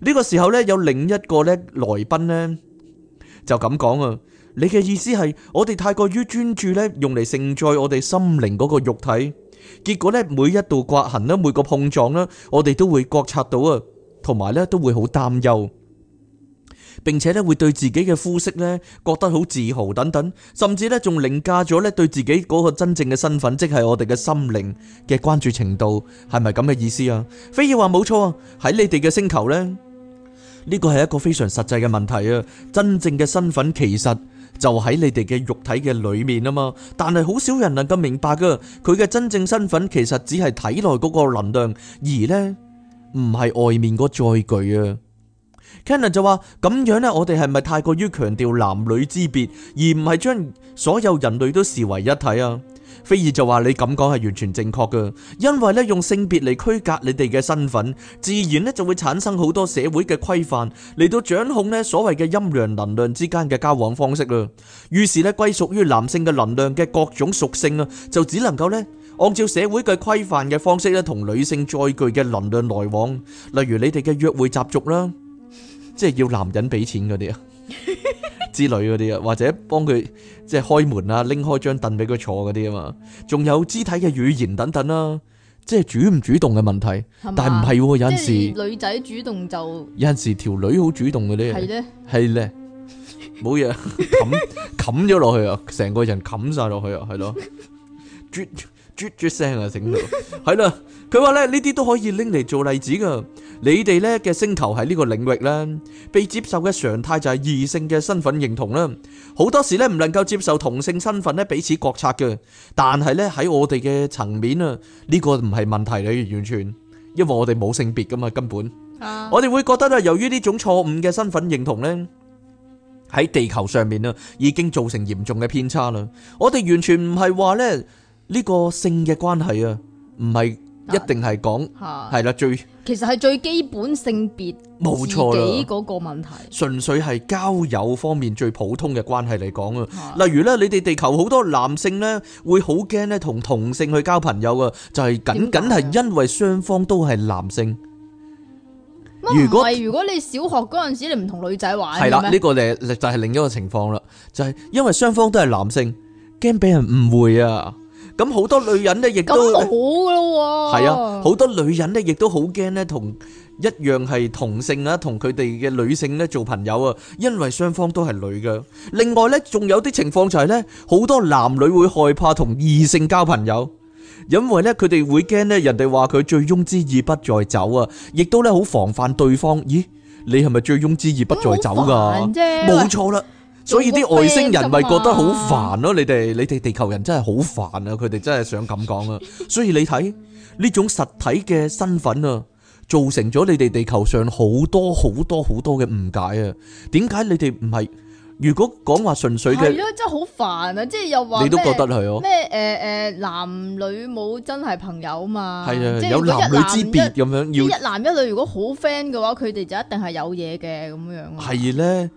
呢個時候呢，有另一個呢來賓呢就咁講啊。你嘅意思係我哋太過於專注呢，用嚟盛載我哋心靈嗰個肉體，結果呢，每一道刮痕啦，每個碰撞啦，我哋都會覺察到啊，同埋呢都會好擔憂。並且咧會對自己嘅膚色咧覺得好自豪等等，甚至咧仲凌駕咗咧對自己嗰個真正嘅身份，即係我哋嘅心靈嘅關注程度，係咪咁嘅意思啊？非要話冇錯啊，喺你哋嘅星球呢，呢個係一個非常實際嘅問題啊！真正嘅身份其實就喺你哋嘅肉體嘅裏面啊嘛，但係好少人能夠明白噶，佢嘅真正身份其實只係體內嗰個能量，而呢，唔係外面個載具啊。Kenner 就話：咁樣咧，我哋係咪太過於強調男女之別，而唔係將所有人類都視為一體啊？菲爾就話：你咁講係完全正確噶，因為咧用性別嚟區隔你哋嘅身份，自然咧就會產生好多社會嘅規範嚟到掌控咧所謂嘅陰陽能量之間嘅交往方式啦。於是咧，歸屬於男性嘅能量嘅各種屬性啊，就只能夠咧按照社會嘅規範嘅方式咧，同女性載具嘅能量來往，例如你哋嘅約會習俗啦。即係要男人俾錢嗰啲啊，之類嗰啲啊，或者幫佢即係開門啊，拎開張凳俾佢坐嗰啲啊嘛，仲有肢體嘅語言等等啦，即係主唔主動嘅問題，吧但係唔係有陣時女仔主動就有陣時條女好主動嘅咧，係咧的，冇嘢冚冚咗落去啊，成個人冚晒落去啊，係咯。啜啜聲啊，整到係啦。佢話咧，呢啲都可以拎嚟做例子噶。你哋咧嘅星球喺呢個領域咧，被接受嘅常態就係異性嘅身份認同啦。好多時咧唔能夠接受同性身份咧彼此國策嘅。但係咧喺我哋嘅層面啊，呢個唔係問題啦，完全，因為我哋冇性別噶嘛，根本。我哋會覺得啊，由於呢種錯誤嘅身份認同咧，喺地球上面啊，已經造成嚴重嘅偏差啦。我哋完全唔係話咧。呢個性嘅關係啊，唔係一定係講係啦，最其實係最基本性別冇錯啦，自己嗰個問題純粹係交友方面最普通嘅關係嚟講啊。例如咧，你哋地球好多男性咧會好驚咧同同性去交朋友啊，就係僅僅係因為雙方都係男性。如果係，如果你小學嗰陣時你唔同女仔玩係啦，呢個咧就係另一個情況啦，就係因為雙方都係男性驚俾人誤會啊。咁好多女人咧，亦都係啊！好多女人咧，亦都好驚咧，同一樣係同性啊，同佢哋嘅女性咧做朋友啊，因為雙方都係女嘅。另外咧，仲有啲情況就係咧，好多男女會害怕同異性交朋友，因為咧佢哋會驚咧人哋話佢醉翁之意不在酒啊，亦都咧好防範對方。咦，你係咪醉翁之意不在酒噶？冇錯啦。所以啲外星人咪覺得好煩咯、啊，你哋你哋地球人真係好煩啊！佢哋真係想咁講啊！所以你睇呢種實體嘅身份啊，造成咗你哋地球上好多好多好多嘅誤解啊！點解你哋唔係？如果講話純粹嘅，真係好煩啊！即係又話你都覺得係哦。咩誒誒，男女冇真係朋友嘛？係啊，有男女之別咁樣。一,一,一男一女如果好 friend 嘅話，佢哋就一定係有嘢嘅咁樣。係咧。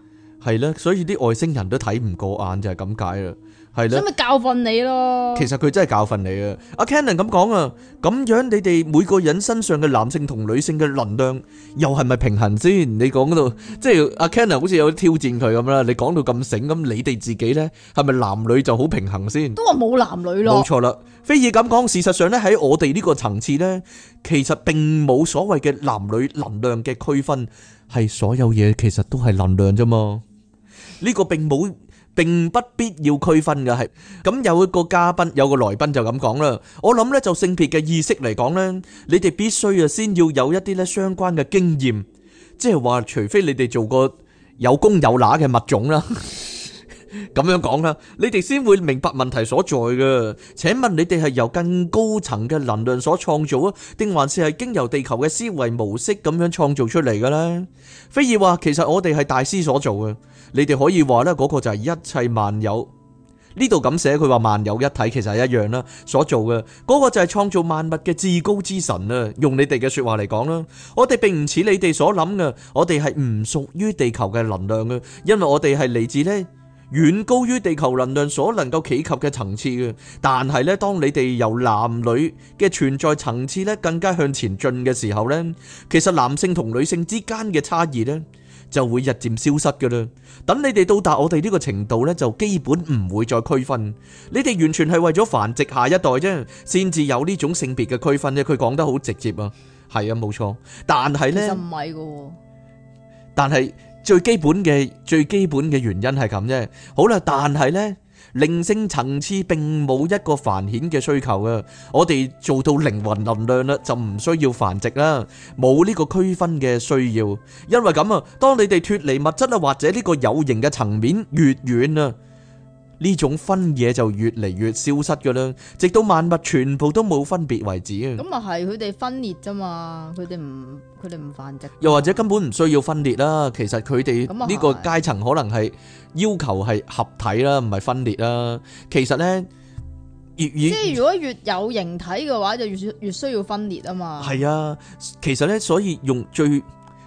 係咧，所以啲外星人都睇唔過眼就係咁解啦，係咧。所以咪教訓你咯。其實佢真係教訓你啊，阿 Cannon 咁講啊，咁樣你哋每個人身上嘅男性同女性嘅能量又係咪平衡先？你講到即係阿 Cannon 好似有挑戰佢咁啦，你講到咁醒咁，你哋自己咧係咪男女就好平衡先？都話冇男女咯。冇錯啦，菲爾咁講，事實上咧喺我哋呢個層次咧，其實並冇所謂嘅男女能量嘅區分，係所有嘢其實都係能量啫嘛。呢個並冇，並不必要區分嘅係。咁有一個嘉賓，有個來賓就咁講啦。我諗咧就性別嘅意識嚟講咧，你哋必須啊先要有一啲咧相關嘅經驗，即係話除非你哋做過有公有乸嘅物種啦，咁樣講啦，你哋先會明白問題所在嘅。請問你哋係由更高層嘅能量所創造啊，定還是係經由地球嘅思維模式咁樣創造出嚟噶咧菲爾話：其實我哋係大師所做嘅。你哋可以話呢嗰個就係一切萬有，呢度咁寫，佢話萬有一體，其實係一樣啦。所做嘅嗰個就係創造萬物嘅至高之神啊！用你哋嘅說話嚟講啦，我哋並唔似你哋所諗嘅，我哋係唔屬於地球嘅能量嘅，因為我哋係嚟自呢遠高於地球能量所能夠企及嘅層次嘅。但係呢，當你哋由男女嘅存在層次呢更加向前進嘅時候呢，其實男性同女性之間嘅差異呢，就會日漸消失嘅啦。等你哋到達我哋呢個程度呢，就基本唔會再區分。你哋完全係為咗繁殖下一代啫，先至有呢種性別嘅區分啫。佢講得好直接啊，係啊，冇錯。但係呢，唔係嘅哦、但係最基本嘅最基本嘅原因係咁啫。好啦、啊，但係呢。靈性層次並冇一個繁衍嘅需求啊。我哋做到靈魂能量啦，就唔需要繁殖啦，冇呢個區分嘅需要，因為咁啊，當你哋脫離物質啊，或者呢個有形嘅層面越遠啊。呢種分野就越嚟越消失噶啦，直到萬物全部都冇分別為止啊！咁啊，係佢哋分裂啫嘛，佢哋唔佢哋唔繁殖，又或者根本唔需要分裂啦，其實佢哋呢個階層可能係要求係合體啦，唔係分裂啦。其實呢越越即係如果越有形體嘅話，就越越需要分裂啊嘛。係啊，其實呢，所以用最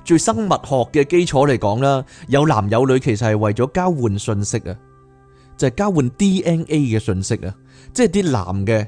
最生物學嘅基礎嚟講啦，有男有女，其實係為咗交換信息啊。就係交換 DNA 嘅信息啊，即係啲男嘅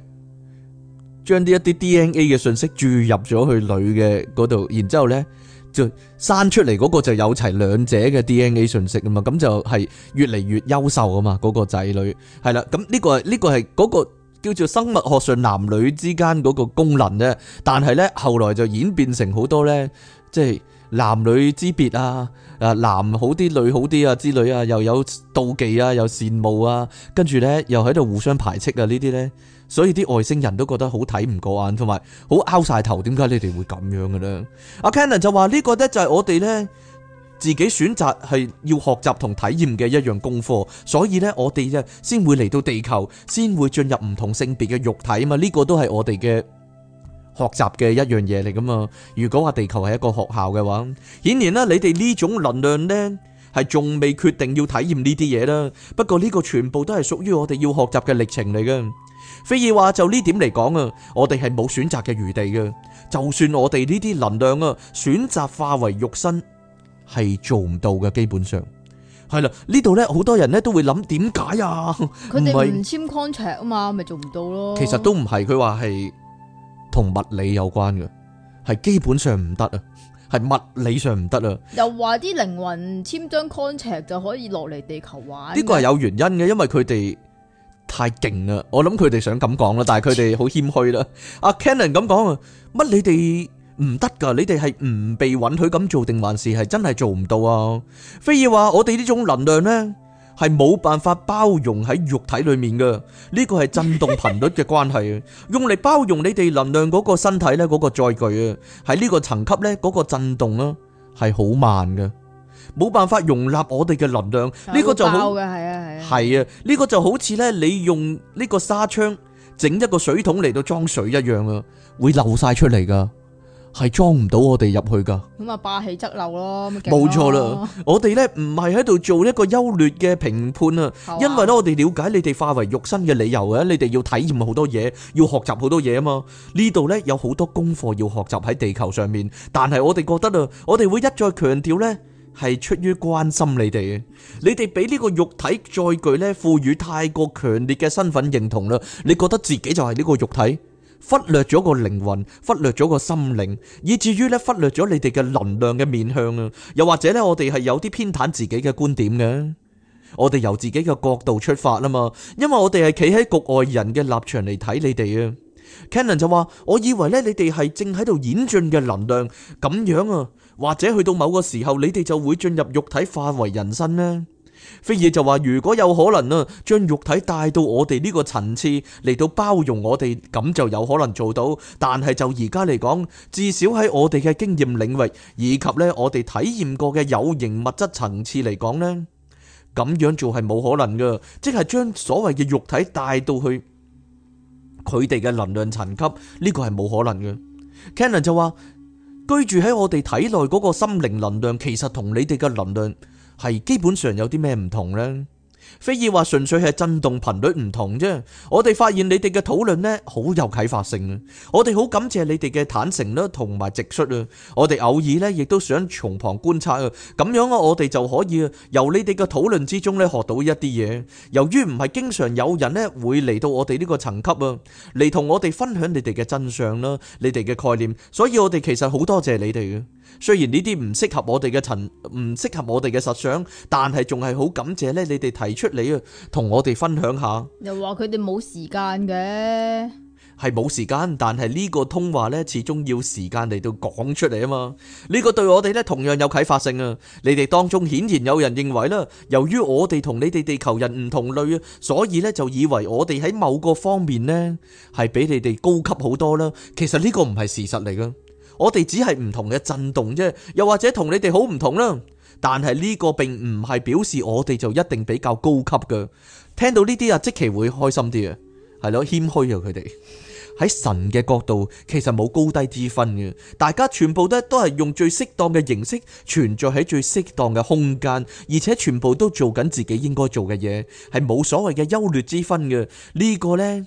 將啲一啲 DNA 嘅信息注入咗去女嘅嗰度，然之後呢就生出嚟嗰個就有齊兩者嘅 DNA 信息啊嘛，咁就係越嚟越優秀啊嘛，嗰個仔女係啦，咁呢個係呢個係嗰個叫做生物學上男女之間嗰個功能咧，但係呢，後來就演變成好多呢，即係男女之別啊。啊男好啲女好啲啊之類啊，又有妒忌啊，又羨慕啊，跟住呢，又喺度互相排斥啊，呢啲呢，所以啲外星人都覺得好睇唔過眼，同埋好拗晒頭，點解你哋會咁樣嘅呢？阿 Cannon 就話呢個呢，就係我哋呢，自己選擇係要學習同體驗嘅一樣功課，所以呢，我哋呢，先會嚟到地球，先會進入唔同性別嘅肉體啊嘛，呢個都係我哋嘅學習嘅一樣嘢嚟噶嘛？如果話地球係一個學校嘅話，顯然啦，你哋呢種能量呢係仲未決定要體驗呢啲嘢啦。不過呢個全部都係屬於我哋要學習嘅歷程嚟噶。非爾話就呢點嚟講啊，我哋係冇選擇嘅餘地噶。就算我哋呢啲能量啊，選擇化為肉身係做唔到嘅，基本上係啦。呢度呢，好多人呢都會諗點解啊？佢哋唔簽 contract 啊嘛，咪做唔到咯？其實都唔係，佢話係。同物理有關嘅係基本上唔得啊，係物理上唔得啊。又話啲靈魂簽張 contract 就可以落嚟地球玩。呢個係有原因嘅，因為佢哋太勁啦。我諗佢哋想咁講啦，但係佢哋好謙虛啦。阿 Cannon 咁講啊，乜你哋唔得㗎？你哋係唔被允許咁做，定還是係真係做唔到啊？非要話：我哋呢種能量咧，係冇辦法包容喺肉體裏面嘅，呢個係震動頻率嘅關係啊！ <laughs> 用嚟包容你哋能量嗰個身體呢，嗰個載具啊，喺呢個層級呢，嗰個震動啊，係好慢嘅，冇辦法容納我哋嘅能量，呢 <laughs> 個就係啊，係啊， <laughs> 呢、呢個就好似呢，你用呢個紗窗整一個水桶嚟到裝水一樣啊，會漏晒出嚟噶。係裝唔到我哋入去噶，咁啊霸氣側漏咯！冇錯啦，我哋咧唔係喺度做一個優劣嘅評判啊，因為咧我哋了解你哋化為肉身嘅理由啊，你哋要體驗好多嘢，要學習好多嘢啊嘛。呢度咧有好多功課要學習喺地球上面，但係我哋覺得啊，我哋會一再強調咧，係出於關心你哋嘅。你哋俾呢個肉體再具咧賦予太過強烈嘅身份認同啦，你覺得自己就係呢個肉體？忽略咗個靈魂，忽略咗個心靈，以至於咧忽略咗你哋嘅能量嘅面向啊！又或者咧，我哋係有啲偏袒自己嘅觀點嘅，我哋由自己嘅角度出發吖嘛，因為我哋係企喺局外人嘅立場嚟睇你哋啊。Cannon 就話：「我以為咧你哋係正喺度演進嘅能量咁樣啊，或者去到某個時候，你哋就會進入肉體化為人身呢。」菲爾就話：如果有可能啊，將肉體帶到我哋呢個層次嚟，到包容我哋，咁就有可能做到。但係就而家嚟講，至少喺我哋嘅經驗領域以及呢我哋體驗過嘅有形物質層次嚟講呢，咁樣做係冇可能噶，即係將所謂嘅肉體帶到去佢哋嘅能量層級，呢個係冇可能嘅。Canon 就話：居住喺我哋體內嗰個心靈能量，其實同你哋嘅能量。係基本上有啲咩唔同呢？菲爾話純粹係震動頻率唔同啫。我哋發現你哋嘅討論呢，好有啟發性啊！我哋好感謝你哋嘅坦誠啦，同埋直率啊！我哋偶爾呢，亦都想從旁觀察啊，咁樣啊，我哋就可以由你哋嘅討論之中呢，學到一啲嘢。由於唔係經常有人呢會嚟到我哋呢個層級啊，嚟同我哋分享你哋嘅真相啦，你哋嘅概念，所以我哋其實好多謝你哋嘅。雖然呢啲唔適合我哋嘅陳，唔適合我哋嘅實相，但係仲係好感謝咧，你哋提出嚟啊，同我哋分享下。又話佢哋冇時間嘅，係冇時間，但係呢個通話咧，始終要時間嚟到講出嚟啊嘛。呢個對我哋咧同樣有啟發性啊。你哋當中顯然有人認為啦，由於我哋同你哋地球人唔同類啊，所以咧就以為我哋喺某個方面咧係比你哋高級好多啦。其實呢個唔係事實嚟噶。我哋只係唔同嘅震動啫，又或者同你哋好唔同啦。但係呢個並唔係表示我哋就一定比較高級嘅。聽到呢啲啊，即期會開心啲啊，係咯謙虛啊，佢哋喺神嘅角度其實冇高低之分嘅，大家全部都都係用最適當嘅形式存在喺最適當嘅空間，而且全部都做緊自己應該做嘅嘢，係冇所謂嘅優劣之分嘅。呢、呢個呢。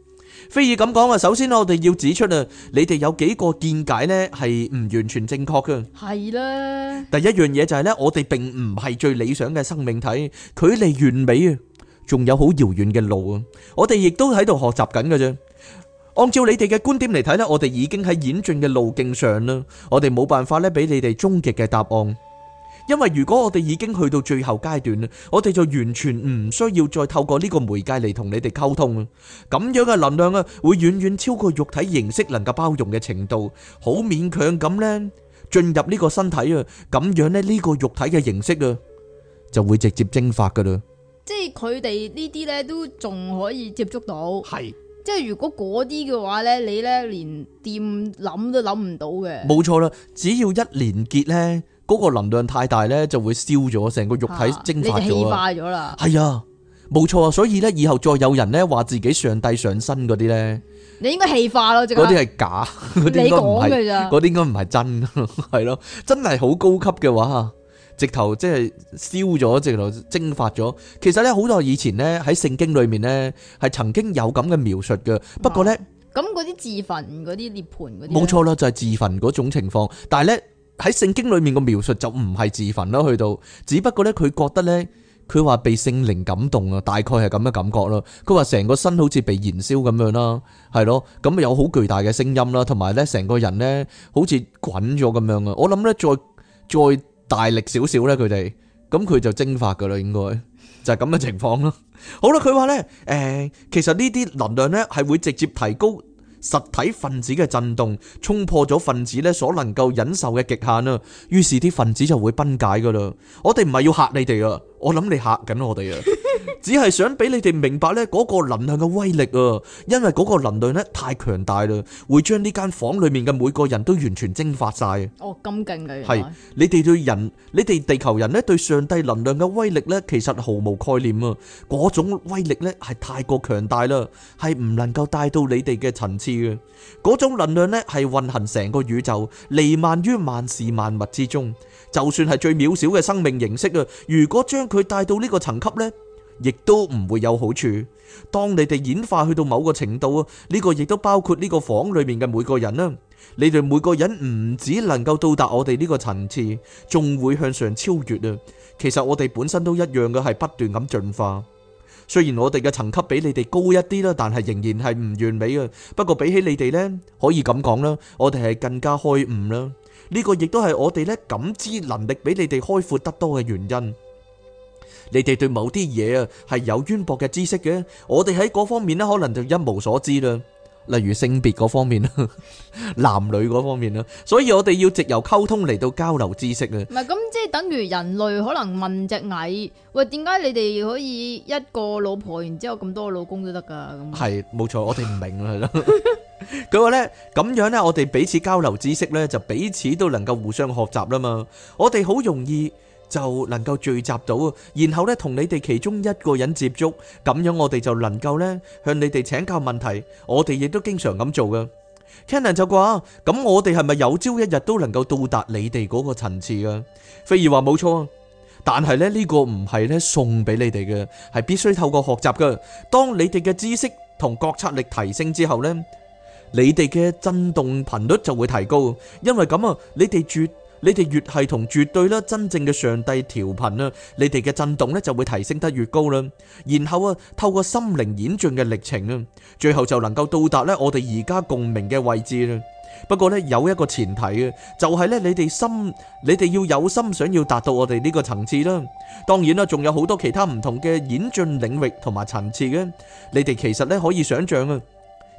菲爾咁講啊，首先我哋要指出啊，你哋有幾個見解呢係唔完全正確嘅。係啦，第一樣嘢就係呢，我哋並唔係最理想嘅生命體，距離完美啊，仲有好遙遠嘅路啊，我哋亦都喺度學習緊㗎啫。按照你哋嘅觀點嚟睇咧，我哋已經喺演進嘅路徑上啦，我哋冇辦法咧俾你哋終極嘅答案。因為如果我哋已經去到最後階段啦，我哋就完全唔需要再透過呢個媒介嚟同你哋溝通啊！咁樣嘅能量啊，會遠遠超過肉體形式能夠包容嘅程度，好勉強咁呢進入呢個身體啊！咁樣呢，呢個肉體嘅形式啊，就會直接蒸發噶啦。即係佢哋呢啲呢都仲可以接觸到，係即係如果嗰啲嘅話呢，你呢連掂諗都諗唔到嘅。冇錯啦，只要一連結呢。嗰個能量太大咧，就會燒咗，成個肉體蒸發咗啊！係啊，冇錯啊！所以咧，以後再有人咧話自己上帝上身嗰啲咧，你應該氣化咯，嗰啲係假，嗰啲 <laughs> 應該嗰啲應該唔係真，係 <laughs> 咯、啊，真係好高級嘅話，直頭即係燒咗，直頭蒸發咗。其實咧，好耐以前咧喺聖經裏面咧係曾經有咁嘅描述嘅，不過咧，咁嗰啲自焚嗰啲涅盤嗰啲，冇錯啦，就係、是、自焚嗰種情況，但係咧。喺聖經裏面嘅描述就唔係自焚啦，去到，只不過咧佢覺得咧，佢話被聖靈感動啊，大概係咁嘅感覺咯。佢話成個身好似被燃燒咁樣啦，係咯，咁有好巨大嘅聲音啦，同埋咧成個人咧好似滾咗咁樣啊。我諗咧再再大力少少咧，佢哋咁佢就蒸發噶啦，應該就係咁嘅情況咯。好啦，佢話咧，誒、呃，其實呢啲能量咧係會直接提高。實體分子嘅震動衝破咗分子咧所能夠忍受嘅極限啦，於是啲分子就會崩解噶啦。我哋唔係要嚇你哋啊！我諗你嚇緊我哋啊！只係想俾你哋明白呢嗰個能量嘅威力啊，因為嗰個能量呢太強大啦，會將呢間房裏面嘅每個人都完全蒸發晒。哦，咁勁嘅？係，你哋對人，你哋地球人呢對上帝能量嘅威力呢，其實毫無概念啊！嗰種威力呢係太過強大啦，係唔能夠帶到你哋嘅層次嘅。嗰種能量呢係運行成個宇宙，彌漫於萬事萬物之中。就算係最渺小嘅生命形式啊，如果將佢帶到呢個層級呢，亦都唔會有好處。當你哋演化去到某個程度啊，呢個亦都包括呢個房裏面嘅每個人啦。你哋每個人唔只能夠到達我哋呢個層次，仲會向上超越啊。其實我哋本身都一樣嘅，係不斷咁進化。雖然我哋嘅層級比你哋高一啲啦，但係仍然係唔完美啊。不過比起你哋呢，可以咁講啦，我哋係更加開悟啦。呢個亦都係我哋呢感知能力比你哋開闊得多嘅原因。你哋對某啲嘢啊，係有淵博嘅知識嘅，我哋喺嗰方面咧，可能就一無所知啦。例如性別嗰方面啦，男女嗰方面啦，所以我哋要藉由溝通嚟到交流知識啊。唔係咁，即係等於人類可能問隻蟻：喂，點解你哋可以一個老婆，然之後咁多老公都得噶？咁係冇錯，我哋唔明啦。佢話咧，咁樣咧，我哋彼此交流知識咧，就彼此都能夠互相學習啦嘛。我哋好容易。就能夠聚集到，然後咧同你哋其中一個人接觸，咁樣我哋就能夠咧向你哋請教問題。我哋亦都經常咁做噶。Cannon 就話：咁我哋係咪有朝一日都能夠到達你哋嗰個層次呀？飛兒話：冇錯，但係咧呢個唔係咧送俾你哋嘅，係必須透過學習噶。當你哋嘅知識同覺察力提升之後咧，你哋嘅振動頻率就會提高，因為咁啊，你哋絕。你哋越係同絕對咧真正嘅上帝調頻啦，你哋嘅震動咧就會提升得越高啦。然後啊，透過心靈演進嘅歷程啊，最後就能夠到達咧我哋而家共鳴嘅位置啦。不過咧有一個前提啊，就係咧你哋心，你哋要有心想要達到我哋呢個層次啦。當然啦，仲有好多其他唔同嘅演進領域同埋層次嘅，你哋其實咧可以想象啊。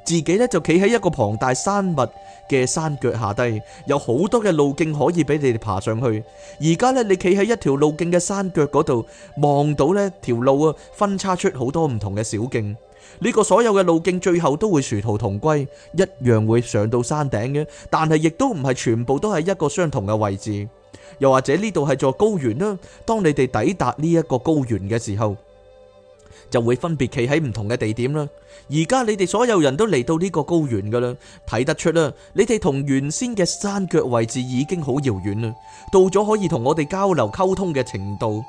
自己咧就企喺一個龐大山脈嘅山腳下低，有好多嘅路徑可以俾你哋爬上去。而家咧你企喺一條路徑嘅山腳嗰度，望到呢條路啊分叉出好多唔同嘅小徑。呢、這個所有嘅路徑最後都會殊途同歸，一樣會上到山頂嘅。但係亦都唔係全部都係一個相同嘅位置，又或者呢度係座高原啦。當你哋抵達呢一個高原嘅時候，就會分別企喺唔同嘅地點啦。而家你哋所有人都嚟到呢個高原㗎啦，睇得出啦，你哋同原先嘅山腳位置已經好遙遠啦，到咗可以同我哋交流溝通嘅程度。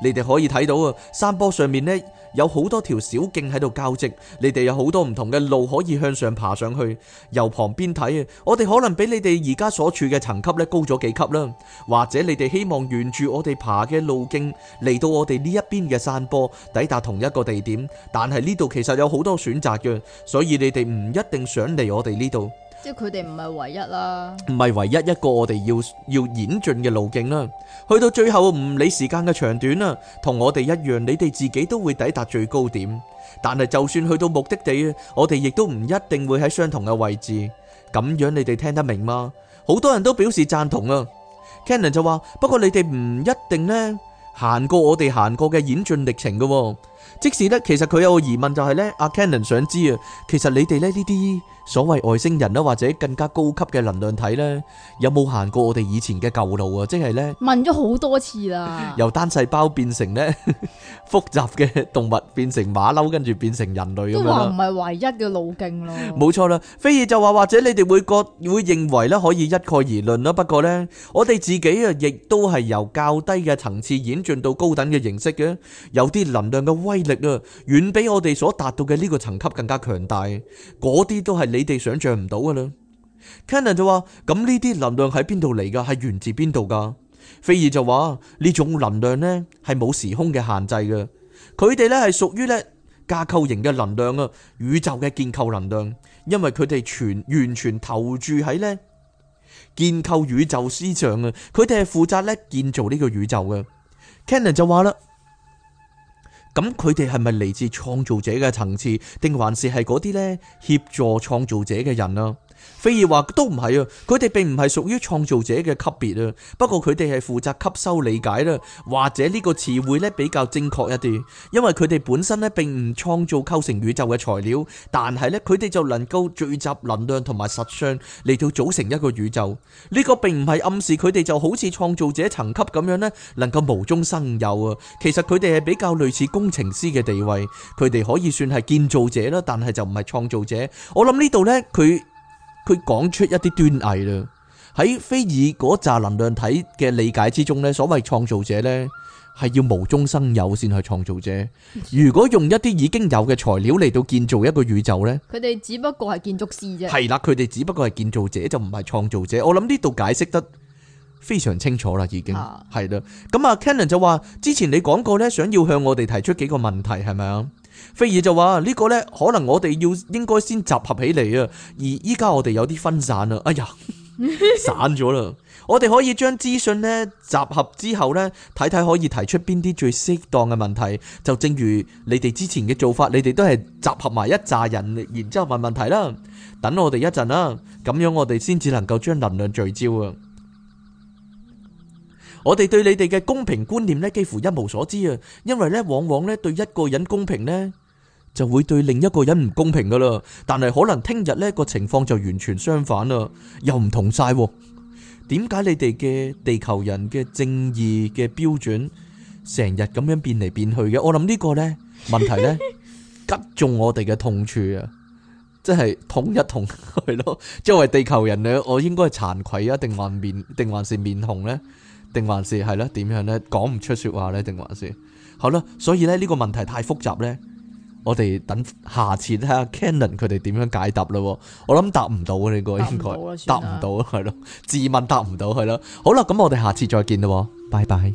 你哋可以睇到啊，山坡上面呢，有好多條小徑喺度交織，你哋有好多唔同嘅路可以向上爬上去。由旁邊睇啊，我哋可能比你哋而家所處嘅層級咧高咗幾級啦，或者你哋希望沿住我哋爬嘅路徑嚟到我哋呢一邊嘅山坡抵達同一個地點，但係呢度其實有好多選擇嘅，所以你哋唔一定想嚟我哋呢度。即係佢哋唔係唯一啦，唔係唯一一個我哋要要演進嘅路徑啦。去到最後唔理時間嘅長短啦，同我哋一樣，你哋自己都會抵達最高點。但係就算去到目的地，我哋亦都唔一定會喺相同嘅位置。咁樣你哋聽得明嗎？好多人都表示贊同啊。Cannon 就話：不過你哋唔一定呢，行過我哋行過嘅演進歷程嘅。即使呢，其實佢有個疑問就係呢，阿 Cannon 想知啊，其實你哋呢呢啲。所謂外星人啦，或者更加高級嘅能量體咧，有冇行過我哋以前嘅舊路啊？即係咧，問咗好多次啦。由單細胞變成咧複雜嘅動物，變成馬騮，跟住變成人類咁樣啦。都話唔係唯一嘅路徑咯。冇錯啦，菲爾就話，或者你哋會覺會認為咧，可以一概而論啦。不過咧，我哋自己啊，亦都係由較低嘅層次演進到高等嘅形式嘅。有啲能量嘅威力啊，遠比我哋所達到嘅呢個層級更加強大。嗰啲都係你，你哋想象唔到噶啦。Cannon 就話，咁，呢啲能量喺邊度嚟噶？係源自邊度噶？菲爾就話呢種能量呢，係冇時空嘅限制噶，佢哋呢係屬於呢架構型嘅能量啊，宇宙嘅建構能量，因為佢哋全完全投注喺呢建構宇宙思想啊，佢哋係負責呢建造呢個宇宙噶。Cannon 就話啦。咁佢哋係咪嚟自創造者嘅層次，定還是係嗰啲咧協助創造者嘅人啊？非兒話都唔係啊，佢哋並唔係屬於創造者嘅級別啊，不過佢哋係負責吸收理解啦，或者呢個詞彙呢比較正確一啲，因為佢哋本身呢並唔創造構成宇宙嘅材料，但係呢，佢哋就能夠聚集能量同埋實相嚟到組成一個宇宙。呢個並唔係暗示佢哋就好似創造者層級咁樣呢，能夠無中生有啊。其實佢哋係比較類似工程師嘅地位，佢哋可以算係建造者啦，但係就唔係創造者。我諗呢度呢，佢。佢講出一啲端倪啦，喺菲爾嗰紮能量體嘅理解之中咧，所謂創造者咧係要無中生有先係創造者。如果用一啲已經有嘅材料嚟到建造一個宇宙咧，佢哋只不過係建築師啫。係啦，佢哋只不過係建造者就唔係創造者。我諗呢度解釋得非常清楚啦，已經係啦。咁啊，Cannon 就話：之前你講過咧，想要向我哋提出幾個問題，係咪啊？菲爾就話，呢個呢，可能我哋要應該先集合起嚟啊，而依家我哋有啲分散啦，哎呀，散咗啦， <laughs> 我哋可以將資訊呢集合之後呢，睇睇可以提出邊啲最適當嘅問題，就正如你哋之前嘅做法，你哋都係集合埋一扎人，然之後問問題啦，等我哋一陣啦，咁樣我哋先至能夠將能量聚焦啊。我哋對你哋嘅公平觀念呢，幾乎一無所知啊！因為呢，往往呢對一個人公平呢，就會對另一個人唔公平噶啦。但係可能聽日呢個情況就完全相反啦，又唔同晒。點解你哋嘅地球人嘅正義嘅標準成日咁樣變嚟變去嘅？我諗呢個呢問題呢，擊中我哋嘅痛處啊！即係痛一痛係咯。作為地球人嘅我，應該係慚愧啊，定還面定還是面紅呢？定還是係咯？點樣咧？講唔出說話咧？定還是好啦？所以咧呢個問題太複雜咧，我哋等下次睇下 Canon 佢哋點樣解答咯。我諗答唔到呢個應該，答唔到係咯了，自問答唔到係咯。好啦，咁我哋下次再見咯，拜拜。